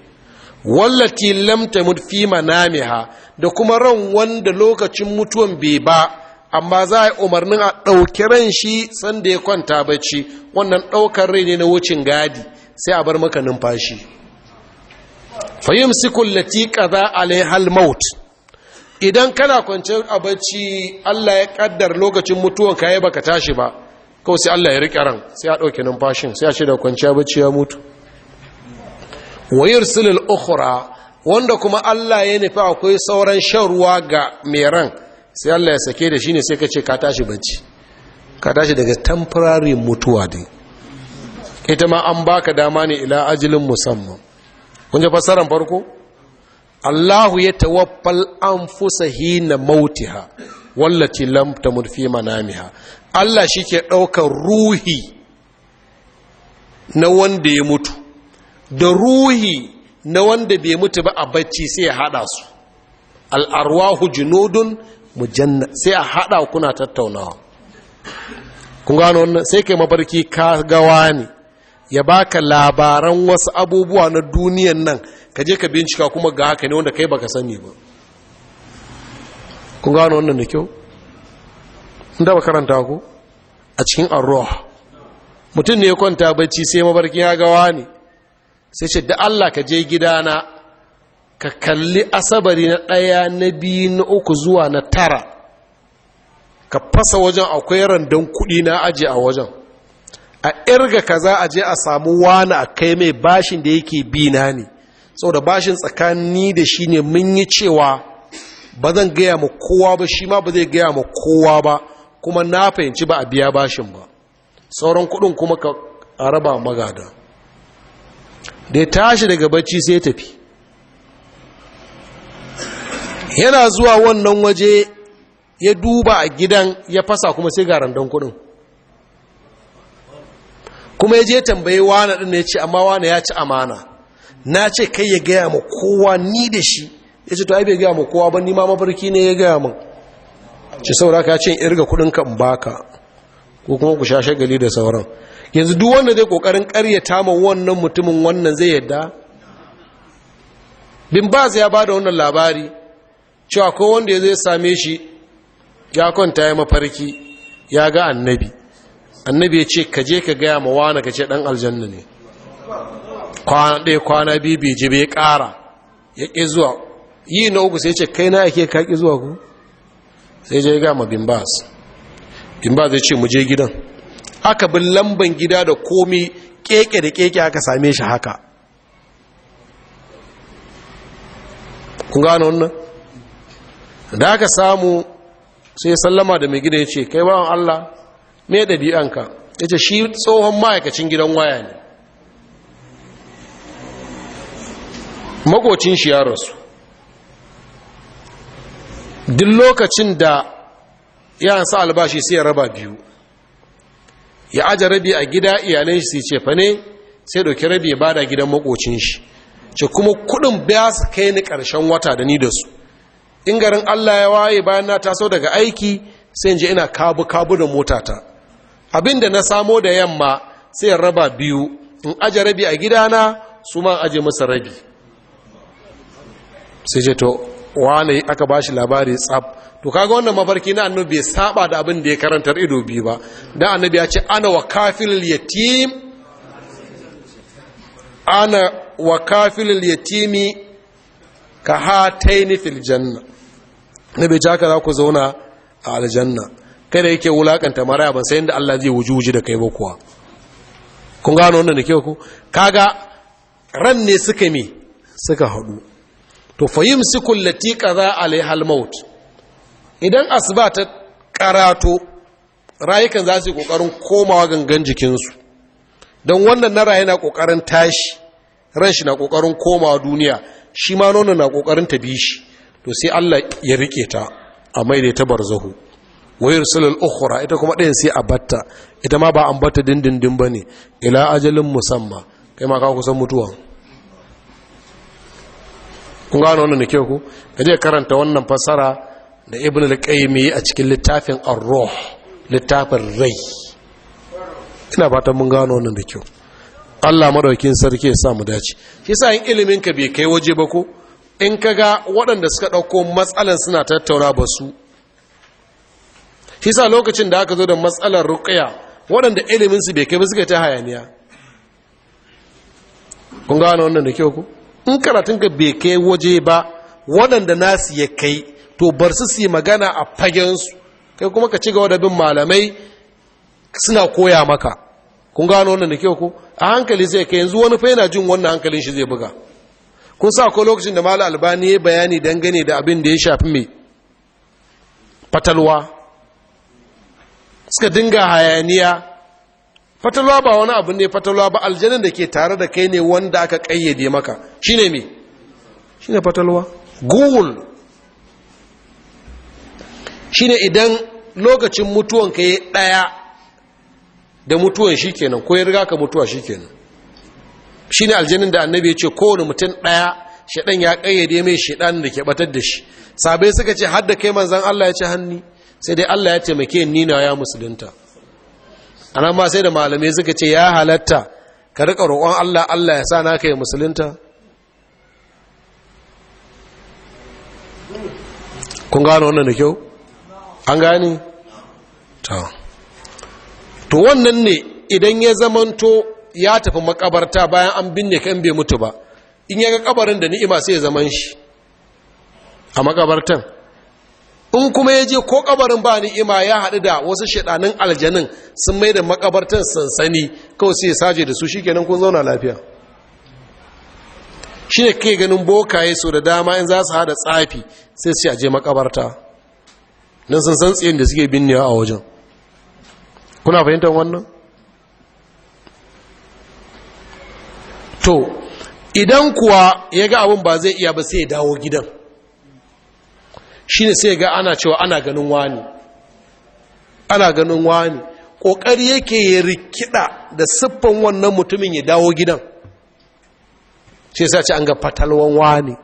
A: wallati lam tamut fi manamiha da kuma ran wanda lokacin mutuwan bai ba amma za a umarnin a ɗauki ran shi sanda ya kwanta bacci wannan ɗaukar rai ne na wucin gadi sai a bar maka numfashi fahim sikullati kaza alaihal maut idan kana kwance a bacci allah ya kaddar lokacin mutuwan ka yi baka tashi ba kawai sai allah ya riƙe ran sai a ɗauki numfashin sai a ce da kwanciya bacci ya mutu wa yursilul ukhra wanda kuma Allah ya nufi akwai sauran shan ruwa ga meran sai Allah ya sake da shine sai ka ce ka tashi bacci ka tashi daga temporary mutuwa din ita ma an baka dama ne ila ajilin musamman kun ji fassarar farko Allahu ya tawaffal anfusa hina mautiha wallati lam tamut fi manamiha Allah shike daukar ruhi na wanda ya mutu da ruhi na wanda bai mutu ba a bacci sai ya hada su al'arwahu junudun mujanna sai a hada kuna tattaunawa kun gano wannan sai kai mabarki ka gawa ne ya baka labaran wasu abubuwa na duniyan nan ka je ka bincika kuma ga haka ne wanda kai baka sani ba kun gano wannan da kyau inda ba karanta ku a cikin arroh mutum ne ya kwanta bacci sai mabarkin ya gawa ne sai ce da Allah ka je gidana ka kalli asabari na ɗaya na biyu na uku zuwa na tara ka fasa wajen akwai randon kuɗi na aji a wajen a irga za a je a samu wani a kai mai bashin da yake bi na ne saboda bashin tsakani da shi ne mun yi cewa ba zan gaya ma kowa ba shi ma ba zai gaya ma kowa ba kuma na fahimci ba a biya bashin ba sauran kuɗin kuma ka araba magada da ya tashi daga bacci sai tafi yana zuwa wannan waje ya duba a gidan ya fasa kuma sai ga randon kudin kuma ya je tambaye wane din ya ce amma wane ya ci amana na ce kai ya gaya ma kowa ni da shi ya ce to ai bai gaya ma kowa ba ni ma mafarki ne ya gaya min ci saura ka ce irga kudin ka in baka ko kuma ku sha shagali da sauran yanzu duk wanda zai kokarin karyata ma wannan mutumin wannan zai yadda bin baz ya bada wannan labari cewa ko wanda ya zai same shi ya kwanta ya mafarki ya ga annabi annabi ya ce kaje ka gaya ma wani ka ce dan aljanna ne kwana ɗaya kwana biyu bai je bai ƙara ya ƙi zuwa yi na uku sai ce kai na ake ka ƙi zuwa ku sai je ga ma bin baz ya ce mu je gidan aka bin lamban gida da komi keke da keke aka same shi haka kun gano wannan da aka samu sai sallama da mai gida ya ce kai bawan Allah me ɗabi'anka ya ce shi tsohon ma'aikacin gidan waya ne makocin shi ya rasu duk lokacin da ya sa albashi sai ya raba biyu ya aje rabi a gida iyalai shi ce fane sai dauki rabi ya bada gidan makocin shi ce kuma kudin biya su kai ni karshen wata da ni da su in garin Allah ya waye bayan na taso daga aiki sai je ina kabu kabu da motata abinda na samo da yamma sai raba biyu in aje rabi a gidana su ma aje masa rabi sai ce to wane aka bashi labari tsab to kaga wannan mafarki na annabi bai saba da abin da ya karantar ido biyu ba dan annabi ya ce ana wa kafil yatim ana wa kafil yatimi ka hataini fil janna nabi ja ka za ku zauna a aljanna kada yake wulakanta maraya ban sai inda Allah zai wujuji da kai ba kuwa kun gano wannan da ke ku kaga ran ne suka mi suka hadu to sikul lati qaza alaiha al-maut idan asuba ta karato rayukan za su yi kokarin komawa gangan jikinsu don wannan na rayu na kokarin tashi ran na kokarin komawa duniya shi ma nono na kokarin ta bi shi to sai Allah ya rike ta a maida ta barzahu wa yursilul ukhra ita kuma ɗayan sai a batta ita ma ba an batta dindindin ba ne. ila ajalin musamma kai ma ka kusan mutuwa kun gano wannan da kyau ku kaje karanta wannan fassara da ibn al a cikin littafin ar-ruh littafin rai ina fatan mun gano wannan da kyau Allah madaukin sarki ya sa mu dace shi sa in ilimin ka bai kai waje ba ko in kaga waɗanda suka ɗauko matsalan suna tattauna ba su shi sa lokacin da aka zo da matsalar ruqya waɗanda ilimin su bai kai ba suka ta hayaniya kun gano wannan da kyau ko in karatun ka bai kai waje ba waɗanda nasu ya kai to bar su su yi magana a fagensu kai kuma ka ci gaba da bin malamai suna koya maka kun gano wannan da kyau ko a hankali sai ka yanzu wani fa yana jin wannan hankalin shi zai buga kun sa ko lokacin da mala albani ya bayani dangane da abin da ya shafi mai fatalwa suka dinga hayaniya fatalwa ba wani abu ne fatalwa ba aljanin da ke tare da kai ne wanda aka kayyade maka shine me shine fatalwa Google. Shi ne idan lokacin mutuwan ka yi ɗaya da mutuwan shi kenan ko ya riga ka mutuwa shi kenan shi ne aljanin da annabi ya ce kowane mutum ɗaya shaɗan ya ƙayyade mai shaɗan da ke ɓatar da shi sabai suka ce da kai manzan Allah ya ci hannu sai dai Allah ya taimake ni na ya musulunta anan ma sai da malamai suka ce ya halatta ka riƙa roƙon Allah Allah ya sa naka ya musulunta kun gano wannan da kyau an gani? ta to wannan ne idan ya zamanto ya tafi makabarta bayan an binne kan bai mutu ba in ya ga kabarin da ni'ima sai ya zaman shi a makabartan in kuma ya je ko kabarin ba ni'ima ya haɗu da wasu shaɗanin aljanin sun mai da makabartan sansani kawai sai saje da su shi kenan kun zauna lafiya shi ne kai ganin bokaye so da dama in za su haɗa tsafi sai su je makabarta don sun san tsayin da suke binnewa a wajen kuna fahimtar wannan to idan kuwa ya ga abin ba zai iya ba sai ya dawo gidan shi ne sai ga ana cewa ana ganin wani ana ganin wani ƙoƙari yake ya rikida da siffan wannan mutumin ya dawo gidan shi sa ce an ga fatalwan wani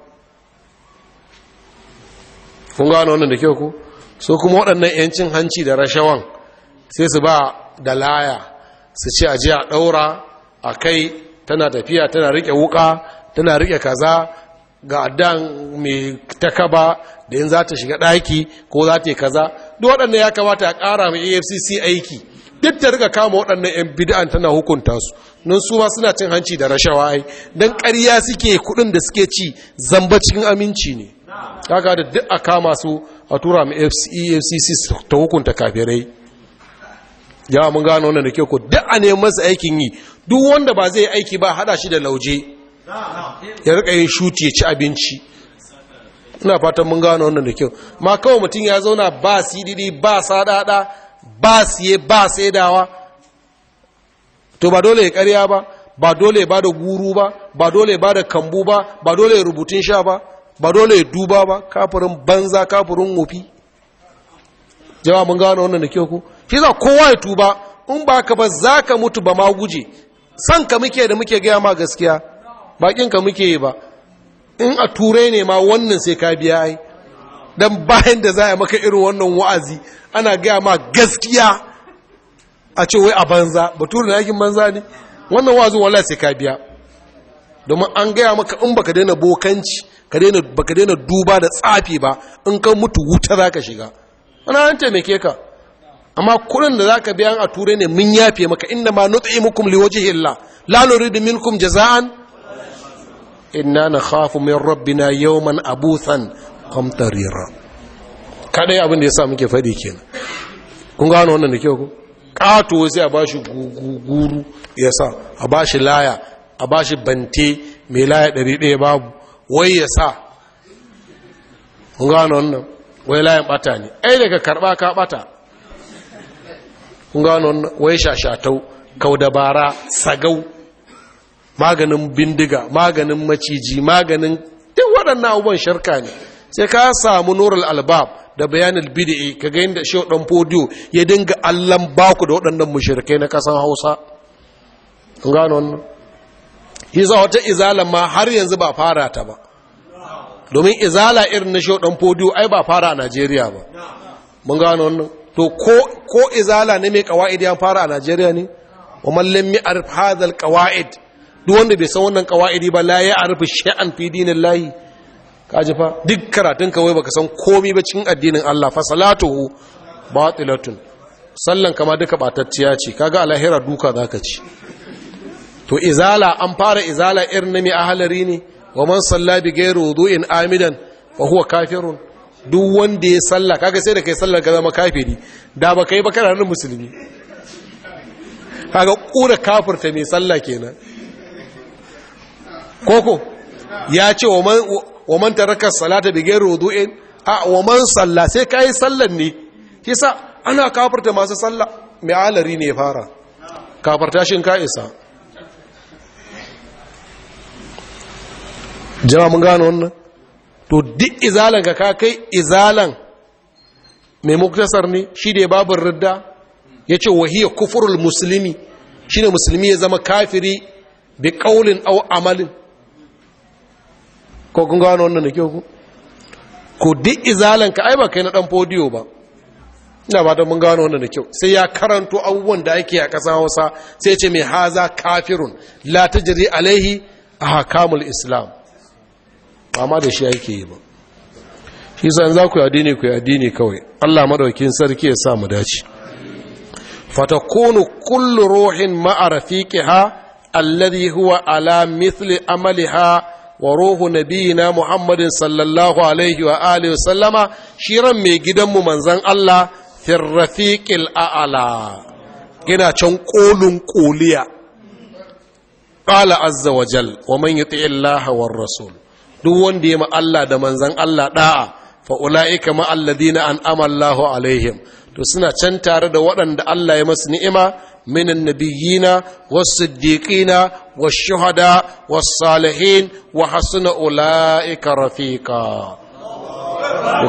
A: kun gano wannan da kyau ku so kuma waɗannan yancin hanci da rashawan sai su ba da laya su ce aje a ɗaura a kai tana tafiya tana riƙe wuka tana riƙe kaza ga adan mai takaba da yin za ta shiga ɗaki ko za ta yi kaza duk waɗannan ya kamata a ƙara mai afcc aiki duk da riga kama waɗannan 'yan bid'an tana hukunta su nun su ma suna cin hanci da rashawa ai don ƙarya suke kuɗin da suke ci zamba cikin aminci ne kaga da duk a kama su a tura mu e efcc ta hukunta kafirai ya mun gano wannan da ke ku duk a neman masa aikin yi duk wanda ba zai yi aiki ba hada shi da lauje ya rika yin shuti ya ci abinci ina fatan mun gano wannan da kyau ma kawai mutum ya zauna ba didi, ba sadada ba siye ba saidawa to ba dole ya karya ba ba dole ya bada guru ba ba dole ya bada kambu ba ba dole ya rubutun sha ba ba dole ya duba ba kafirin banza kafirin wofi jama mun gano wannan da kyau ko shi za kowa ya tuba in ba ka ba za ka mutu ba ma guje san ka muke da muke gaya ma gaskiya bakin ka muke ba in a turai ne ma wannan sai ka biya ai dan bayan da za a maka irin wannan wa'azi ana gaya ma gaskiya a ce wai a banza Ba bature na yakin banza ne wannan wa'azin wallahi sai ka biya domin an gaya maka in baka daina bokanci baka daina duba da tsafi ba in ka mutu wuta za ka shiga wani an taimake ka amma kudin da za ka biya a turai ne mun yafe maka inda ma nutsi mukum liwaje illa lalori da minkum jaza'an inna na khafu min rabbina yawman abusan qamtarira abinda abin da yasa muke fadi kenan kun gano wannan da kyau ko kato sai a bashi guguru yasa a bashi laya a ba shi bante mai laye ɗari ɗaya babu wai ya sa kun gano wannan wai layan ɓata ne ai daga karɓa ka ɓata kun gano wannan wai shashatau kau dabara sagau maganin bindiga maganin maciji maganin duk waɗannan abubuwan sharka ne sai ka samu nural albab da bayanin bid'i ka ga yadda shi ɗan fodiyo ya dinga allan baku da waɗannan mashirkai na ƙasan hausa kun gano wannan shi za wata izala ma har yanzu ba fara ta ba domin izala irin na shodan fodiyo ai ba fara a najeriya ba mun gano wannan to ko izala ne mai kawa'id ya fara a najeriya ne wa mallam mi arif hadal kawa'id duk wanda bai san wannan kawa'idi ba la ya arfi sha'an fi dinin lahi kaji fa duk karatun kawai baka san komi ba cikin addinin Allah fa salatuhu batilatun sallan kama duka batacciya ce kaga alahira duka zaka ci to izala an fara izala irin na mai ahalari ne wa man salla bi gairu wudu'in amidan wa huwa kafirun duk wanda ya salla kaga sai da kai sallar ka zama kafiri da ba kai ba kana nan musulmi kaga kura kafirta mai salla kenan koko ya ce wa man wa man taraka salata bi gairu wudu'in a wa man salla sai kai sallar ne kisa ana kafirta masu salla mai ahalari ne fara kafirta shin ka isa jama mun gano wannan to duk izalan ka ka kai izalan mai muktasar ne shi da ya babin ridda ya ce wahiyar kufurul musulmi shi ne musulmi ya zama kafiri bi ƙaunin au amalin ko kun gano wannan da kyau ku ko duk izalan ka ai ba kai na ɗan fodiyo ba ina ba don mun gano wannan da kyau sai ya karanto abubuwan da ake a ƙasa hausa sai ce mai haza kafirun la tajri alaihi a hakamul islam ba ma da shi yake yi ba shi sa za ku yi addini ku yi addini kawai Allah madaukin sarki ya sa mu dace fatakunu kullu ruhin ma'a rafiqiha alladhi huwa ala mithli amaliha wa ruhu nabiyina muhammadin sallallahu alaihi wa alihi wa sallama shiran mai gidanmu manzon Allah fir rafiqil a'la ina can kolun koliya qala azza wa jal wa man yuti illaha rasul duk wanda ya ma Allah da manzan Allah da'a fa ulaika ma an'amallahu an'ama alaihim to suna can tare da waɗanda Allah ya masu ni'ima minan annabiyina was-siddiqina wasu shuhada was-salihin wa hasuna ulaika rafiqa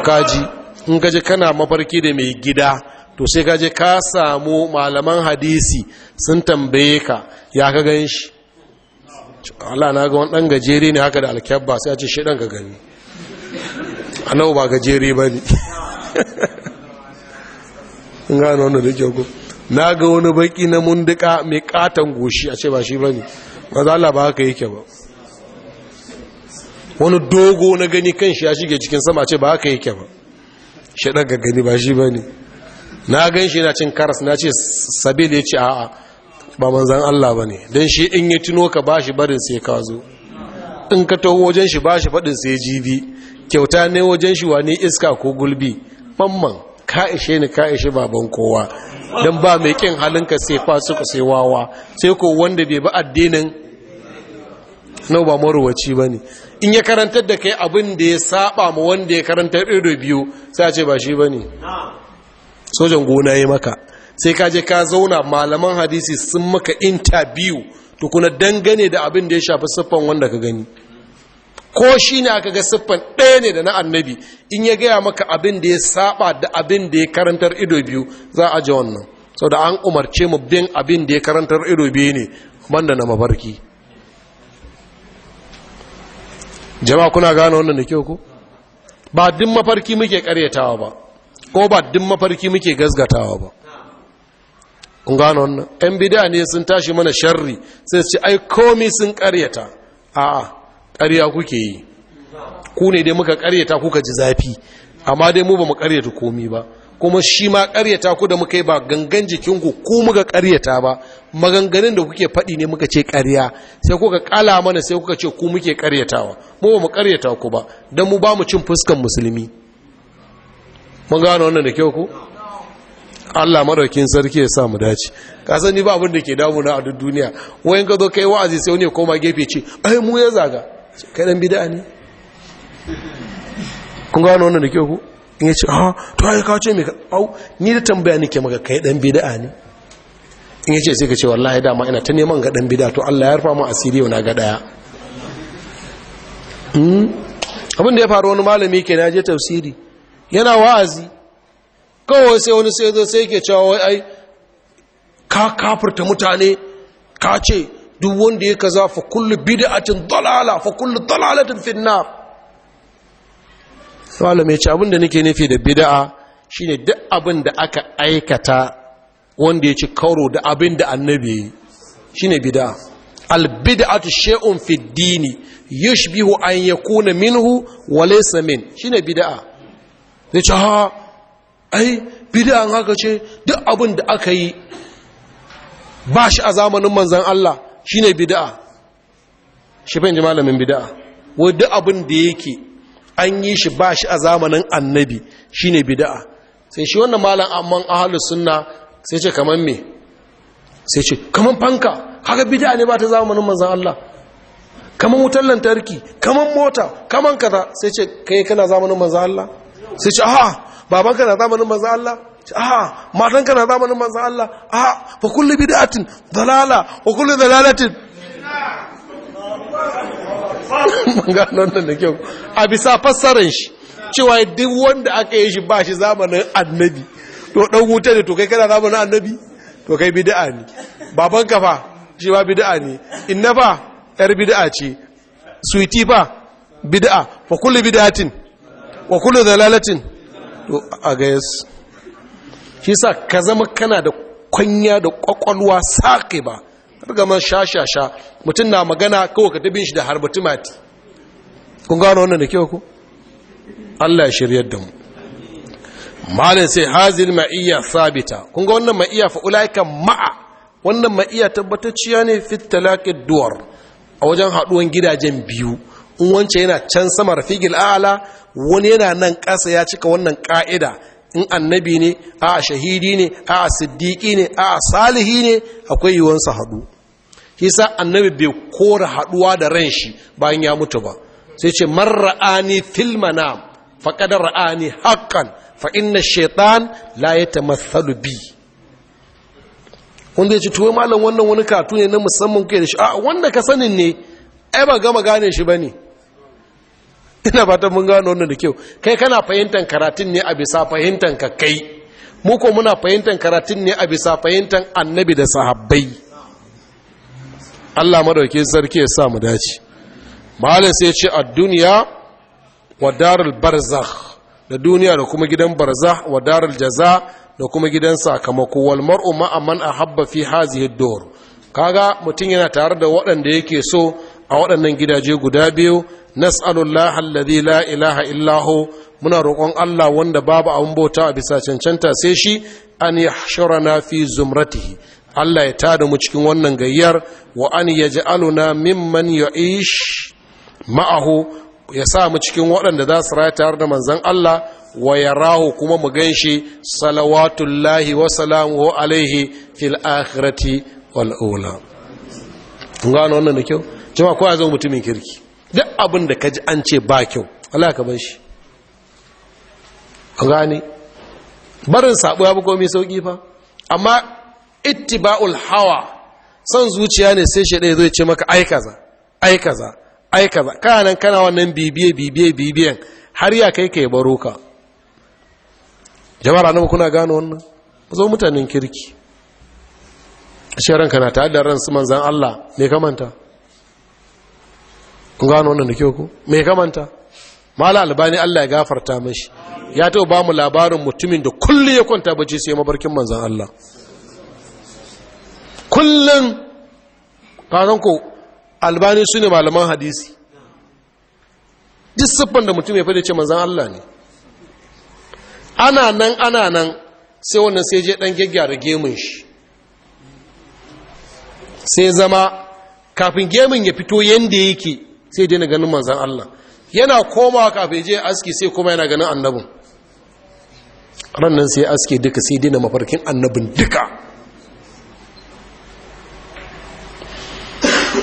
A: ka. kaji in kaje kana mafarki da mai gida to sai kaje ka samu malaman hadisi sun tambaye ka ya ka gan shi Allah na ga wani ɗan ne haka da alkyabba sai a ce shi ɗan gani a nau ba gajeri ba ne in gano wanda da kyau na ga wani baki na mundika mai katon goshi a ce ba shi ba ne ba za Allah ba haka yake ba wani dogo na gani kan shi ya shige cikin sama ce ba haka yake ba shi ɗan gani ba shi ba ne na gan shi na cin karas na ce sabil ya ce a'a ba manzan Allah ba ne don shi in ya tuno ka ba shi barin sai ka zo in ka taho wajen shi ba shi faɗin sai jibi kyauta ne wajen shi wani iska ko gulbi mamman ka ishe ni ka ishe baban kowa don ba mai kin halinka sai suka sai wawa sai ko wanda bai ba addinin nau ba maruwaci ba ne in ya karantar da kai abin da ya saba ma wanda ya karantar irin biyu sai a ce ba shi ba ne sojan gona ya maka sai ka je ka zauna malaman hadisi sun maka interview kuna dangane da abin da ya shafi siffan wanda ka gani ko shi ne aka ga siffan ɗaya ne da na annabi in ya gaya maka abin da ya saba da abin da ya karantar ido biyu za a ji wannan sau da an umarce mu bin abin da ya karantar ido biyu ne banda na mabarki jama'a kuna gane wannan da kyau ko ba duk mafarki muke karyatawa ba ko ba duk mafarki muke gazgatawa ba kun gano wannan yan bidiya ne sun tashi mana sharri sai su ce ai komi sun karyata a'a karya kuke yi ku ne dai muka karyata kuka ji zafi amma dai mu ba mu karyata komi ba kuma shi ma karyata ku da muka yi ba gangan jikinku ku muka karyata ba maganganun da kuke faɗi ne muka ce karya sai kuka kala mana sai kuka ce ku muke karyatawa mu ba mu karyata ku ba don mu ba mu cin fuskan musulmi mun gano wannan da kyau ku Allah maraukin sarki ya sa mu dace ka sani ba abin da ke na a duk duniya wayan ka zo kai wa'azi sai wani koma gefe ce ai mu ya zaga kai dan bid'a ne kun ga wannan da ke ku in ya ce ah to ai ka ce me ka au ni da tambaya nake maka kai dan bid'a ne in ya ce sai ka ce wallahi dama ina ta neman ga dan bid'a to Allah ya rufa mu asiri yau na ga daya hmm? abin da ya faru wani malami ke na je tafsiri yana wa'azi kawai sai wani sai zo sai ke cewa wai ai ka kafirta mutane ka ce duk wanda ya kaza fa kullu bid'atin dalala fa kullu dalalatin fi nar sala mai ci abin da nake nufi da bid'a shine duk abin da aka aikata wanda ya ci karo da abin da annabi shine bid'a al bid'atu shay'un fi dini yushbihu an yakuna minhu wa laysa min shine bid'a ne ha ai bid'an haka ce duk abin da aka yi ba shi a zamanin manzan Allah shine bid'a shi ban ji malamin bid'a wa duk abin da yake an yi shi ba shi a zamanin annabi shine bid'a sai shi wannan malam amman ahlus sunna sai ce kaman me sai ce kaman fanka haka bid'a ne ba ta zamanin manzan Allah kaman wutar lantarki kaman mota kaman kaza sai ce kai kana zamanin manzan Allah sai ce a'a babanka na zamanin manzan Allah a matanka na zamanin manzan Allah a fa kullu bid'atin dalala wa kullu dalalatin gano nan da kyau a bisa fassarar shi cewa duk wanda aka yi shi ba shi zamanin annabi to dan wuta ne to kai kana zamanin annabi to kai bid'a ne babanka fa shi ba bid'a ne inna fa yar bid'a ce suiti fa bid'a fa kullu bid'atin wa kullu dalalatin to a gayas shi sa ka zama kana da kwanya da kwakwalwa saƙi ba gama sha-sha-sha mutum na magana kawai ka tabin shi da harba timati kun gano wannan da kyau ku allah ya shiryar da mu malin sai hazin ma'iyya sabita kun ga wannan ma'iyya fa'ula'ika ma'a wannan ma'iyya tabbatacciya ne fit talaƙi duwar a wajen haɗuwan gidajen biyu in wance yana can sama rafigil a'ala wani yana nan ƙasa ya cika wannan ƙa'ida in annabi ne a shahidi ne a siddiƙi ne a salihi ne akwai yiwuwansa haɗu hisa annabi bai kora haɗuwa da ran shi bayan ya mutu ba sai ce man ra'ani fil manam faqad ra'ani haqqan fa inna shaitan la yatamathalu bi wanda ya ce tuwo malam wannan wani katu ne na musamman kuke da shi a wanda ka sanin ne ai ba gama gane shi ba ne. ina fatan mun gano wannan da kyau kai kana fahimtar karatun ne a bisa fahimtar ka kai mu ko muna fahimtar karatun ne a bisa fahimtar annabi da sahabbai Allah madauke sarki ya sa mu dace malam sai ce a duniya wa darul barzakh da duniya da kuma gidan barzakh wa darul jaza da kuma gidan sakamako wal mar'u ma man ahabba fi hazihi dur kaga mutum yana tare da waɗanda yake so a waɗannan gidaje guda biyu nas'alullaha alladhi la ilaha illahu muna roƙon Allah wanda babu abin bauta a bisa cancanta sai shi an yahshurana fi zumratihi Allah ya tada mu cikin wannan gayyar wa an yaj'aluna mimman ya'ish ma'ahu ya sa mu cikin waɗanda za su raya tare da manzan Allah wa ya rahu kuma mu gan salawatullahi wa salamu alaihi fil akhirati wal ula kun gano wannan da kyau jama'a ko a zama mutumin kirki duk abin da ka ji an ce ba kyau Allah ka bar shi gane barin sabo ya buko mai sauki fa amma ittiba'ul hawa son zuciya ne sai shi zai ce maka ai kaza ai kaza ai kaza kana nan kana wannan bibiye bibiye bibiyen har ya kai ka baro ka jama'a nan kuna gano wannan zo mutanen kirki shi ranka na ta'addar ran su manzan Allah me ka manta kun gano wannan da kyau ku? me kamanta mala albani Allah ya gafarta mashi ya taɓa ba mu labarin mutumin da kullum ya kwanta bacci sai mabarkin manzan Allah kullum kanan ku albani su ne malaman hadisi duk da mutum ya fi da ce manzan Allah ne ana nan ana nan sai wannan sai je ɗan gyaggyara gemun shi sai zama kafin gemun ya fito yadda yake sai daina ganin manzan Allah yana koma kafin je aski sai kuma yana ganin annabin rannan sai aski duka sai daina mafarkin annabin duka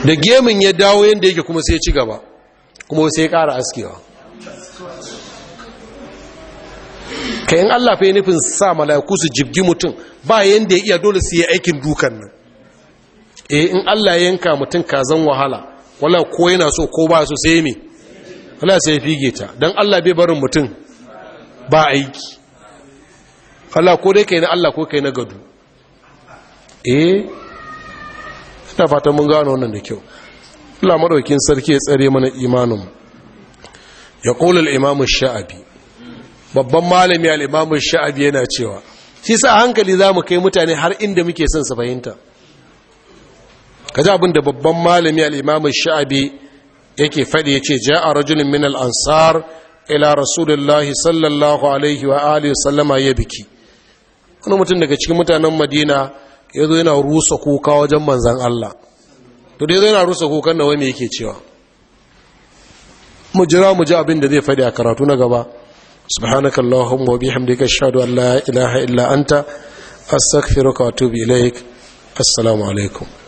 A: da gemin ya dawo yadda yake kuma sai ci gaba kuma sai ƙara askewa ka yin Allah ya nufin sa mala'iku su jibgi mutum ba yadda ya iya dole su yi aikin dukan nan eh, in allah yanka mutum kazan wahala wala ko yana so ko ba so sai me wala sai fige ta dan Allah bai barin mutum ba aiki wala ko dai kai na Allah ko kai na gado eh ina fatan mun gano wannan da kyau Allah madaukin sarki ya tsare mana imanin mu ya qul al imam sha'abi babban malami al imam sha'abi yana cewa shi sa hankali zamu kai mutane har inda muke son su fahimta kaji abin da babban malami al sha'abi yake faɗi yace ja'a rajulun min al-ansar ila rasulullahi sallallahu alaihi wa alihi sallama ya biki wani mutum daga cikin mutanen madina ya zo yana rusa kuka wajen manzan Allah to dai zo yana rusa kukan na wani yake cewa mu jira mu ji abin da zai faɗi a karatu na gaba subhanaka allahumma wa bihamdika ashhadu an la ilaha illa anta astaghfiruka wa atubu ilaik assalamu alaikum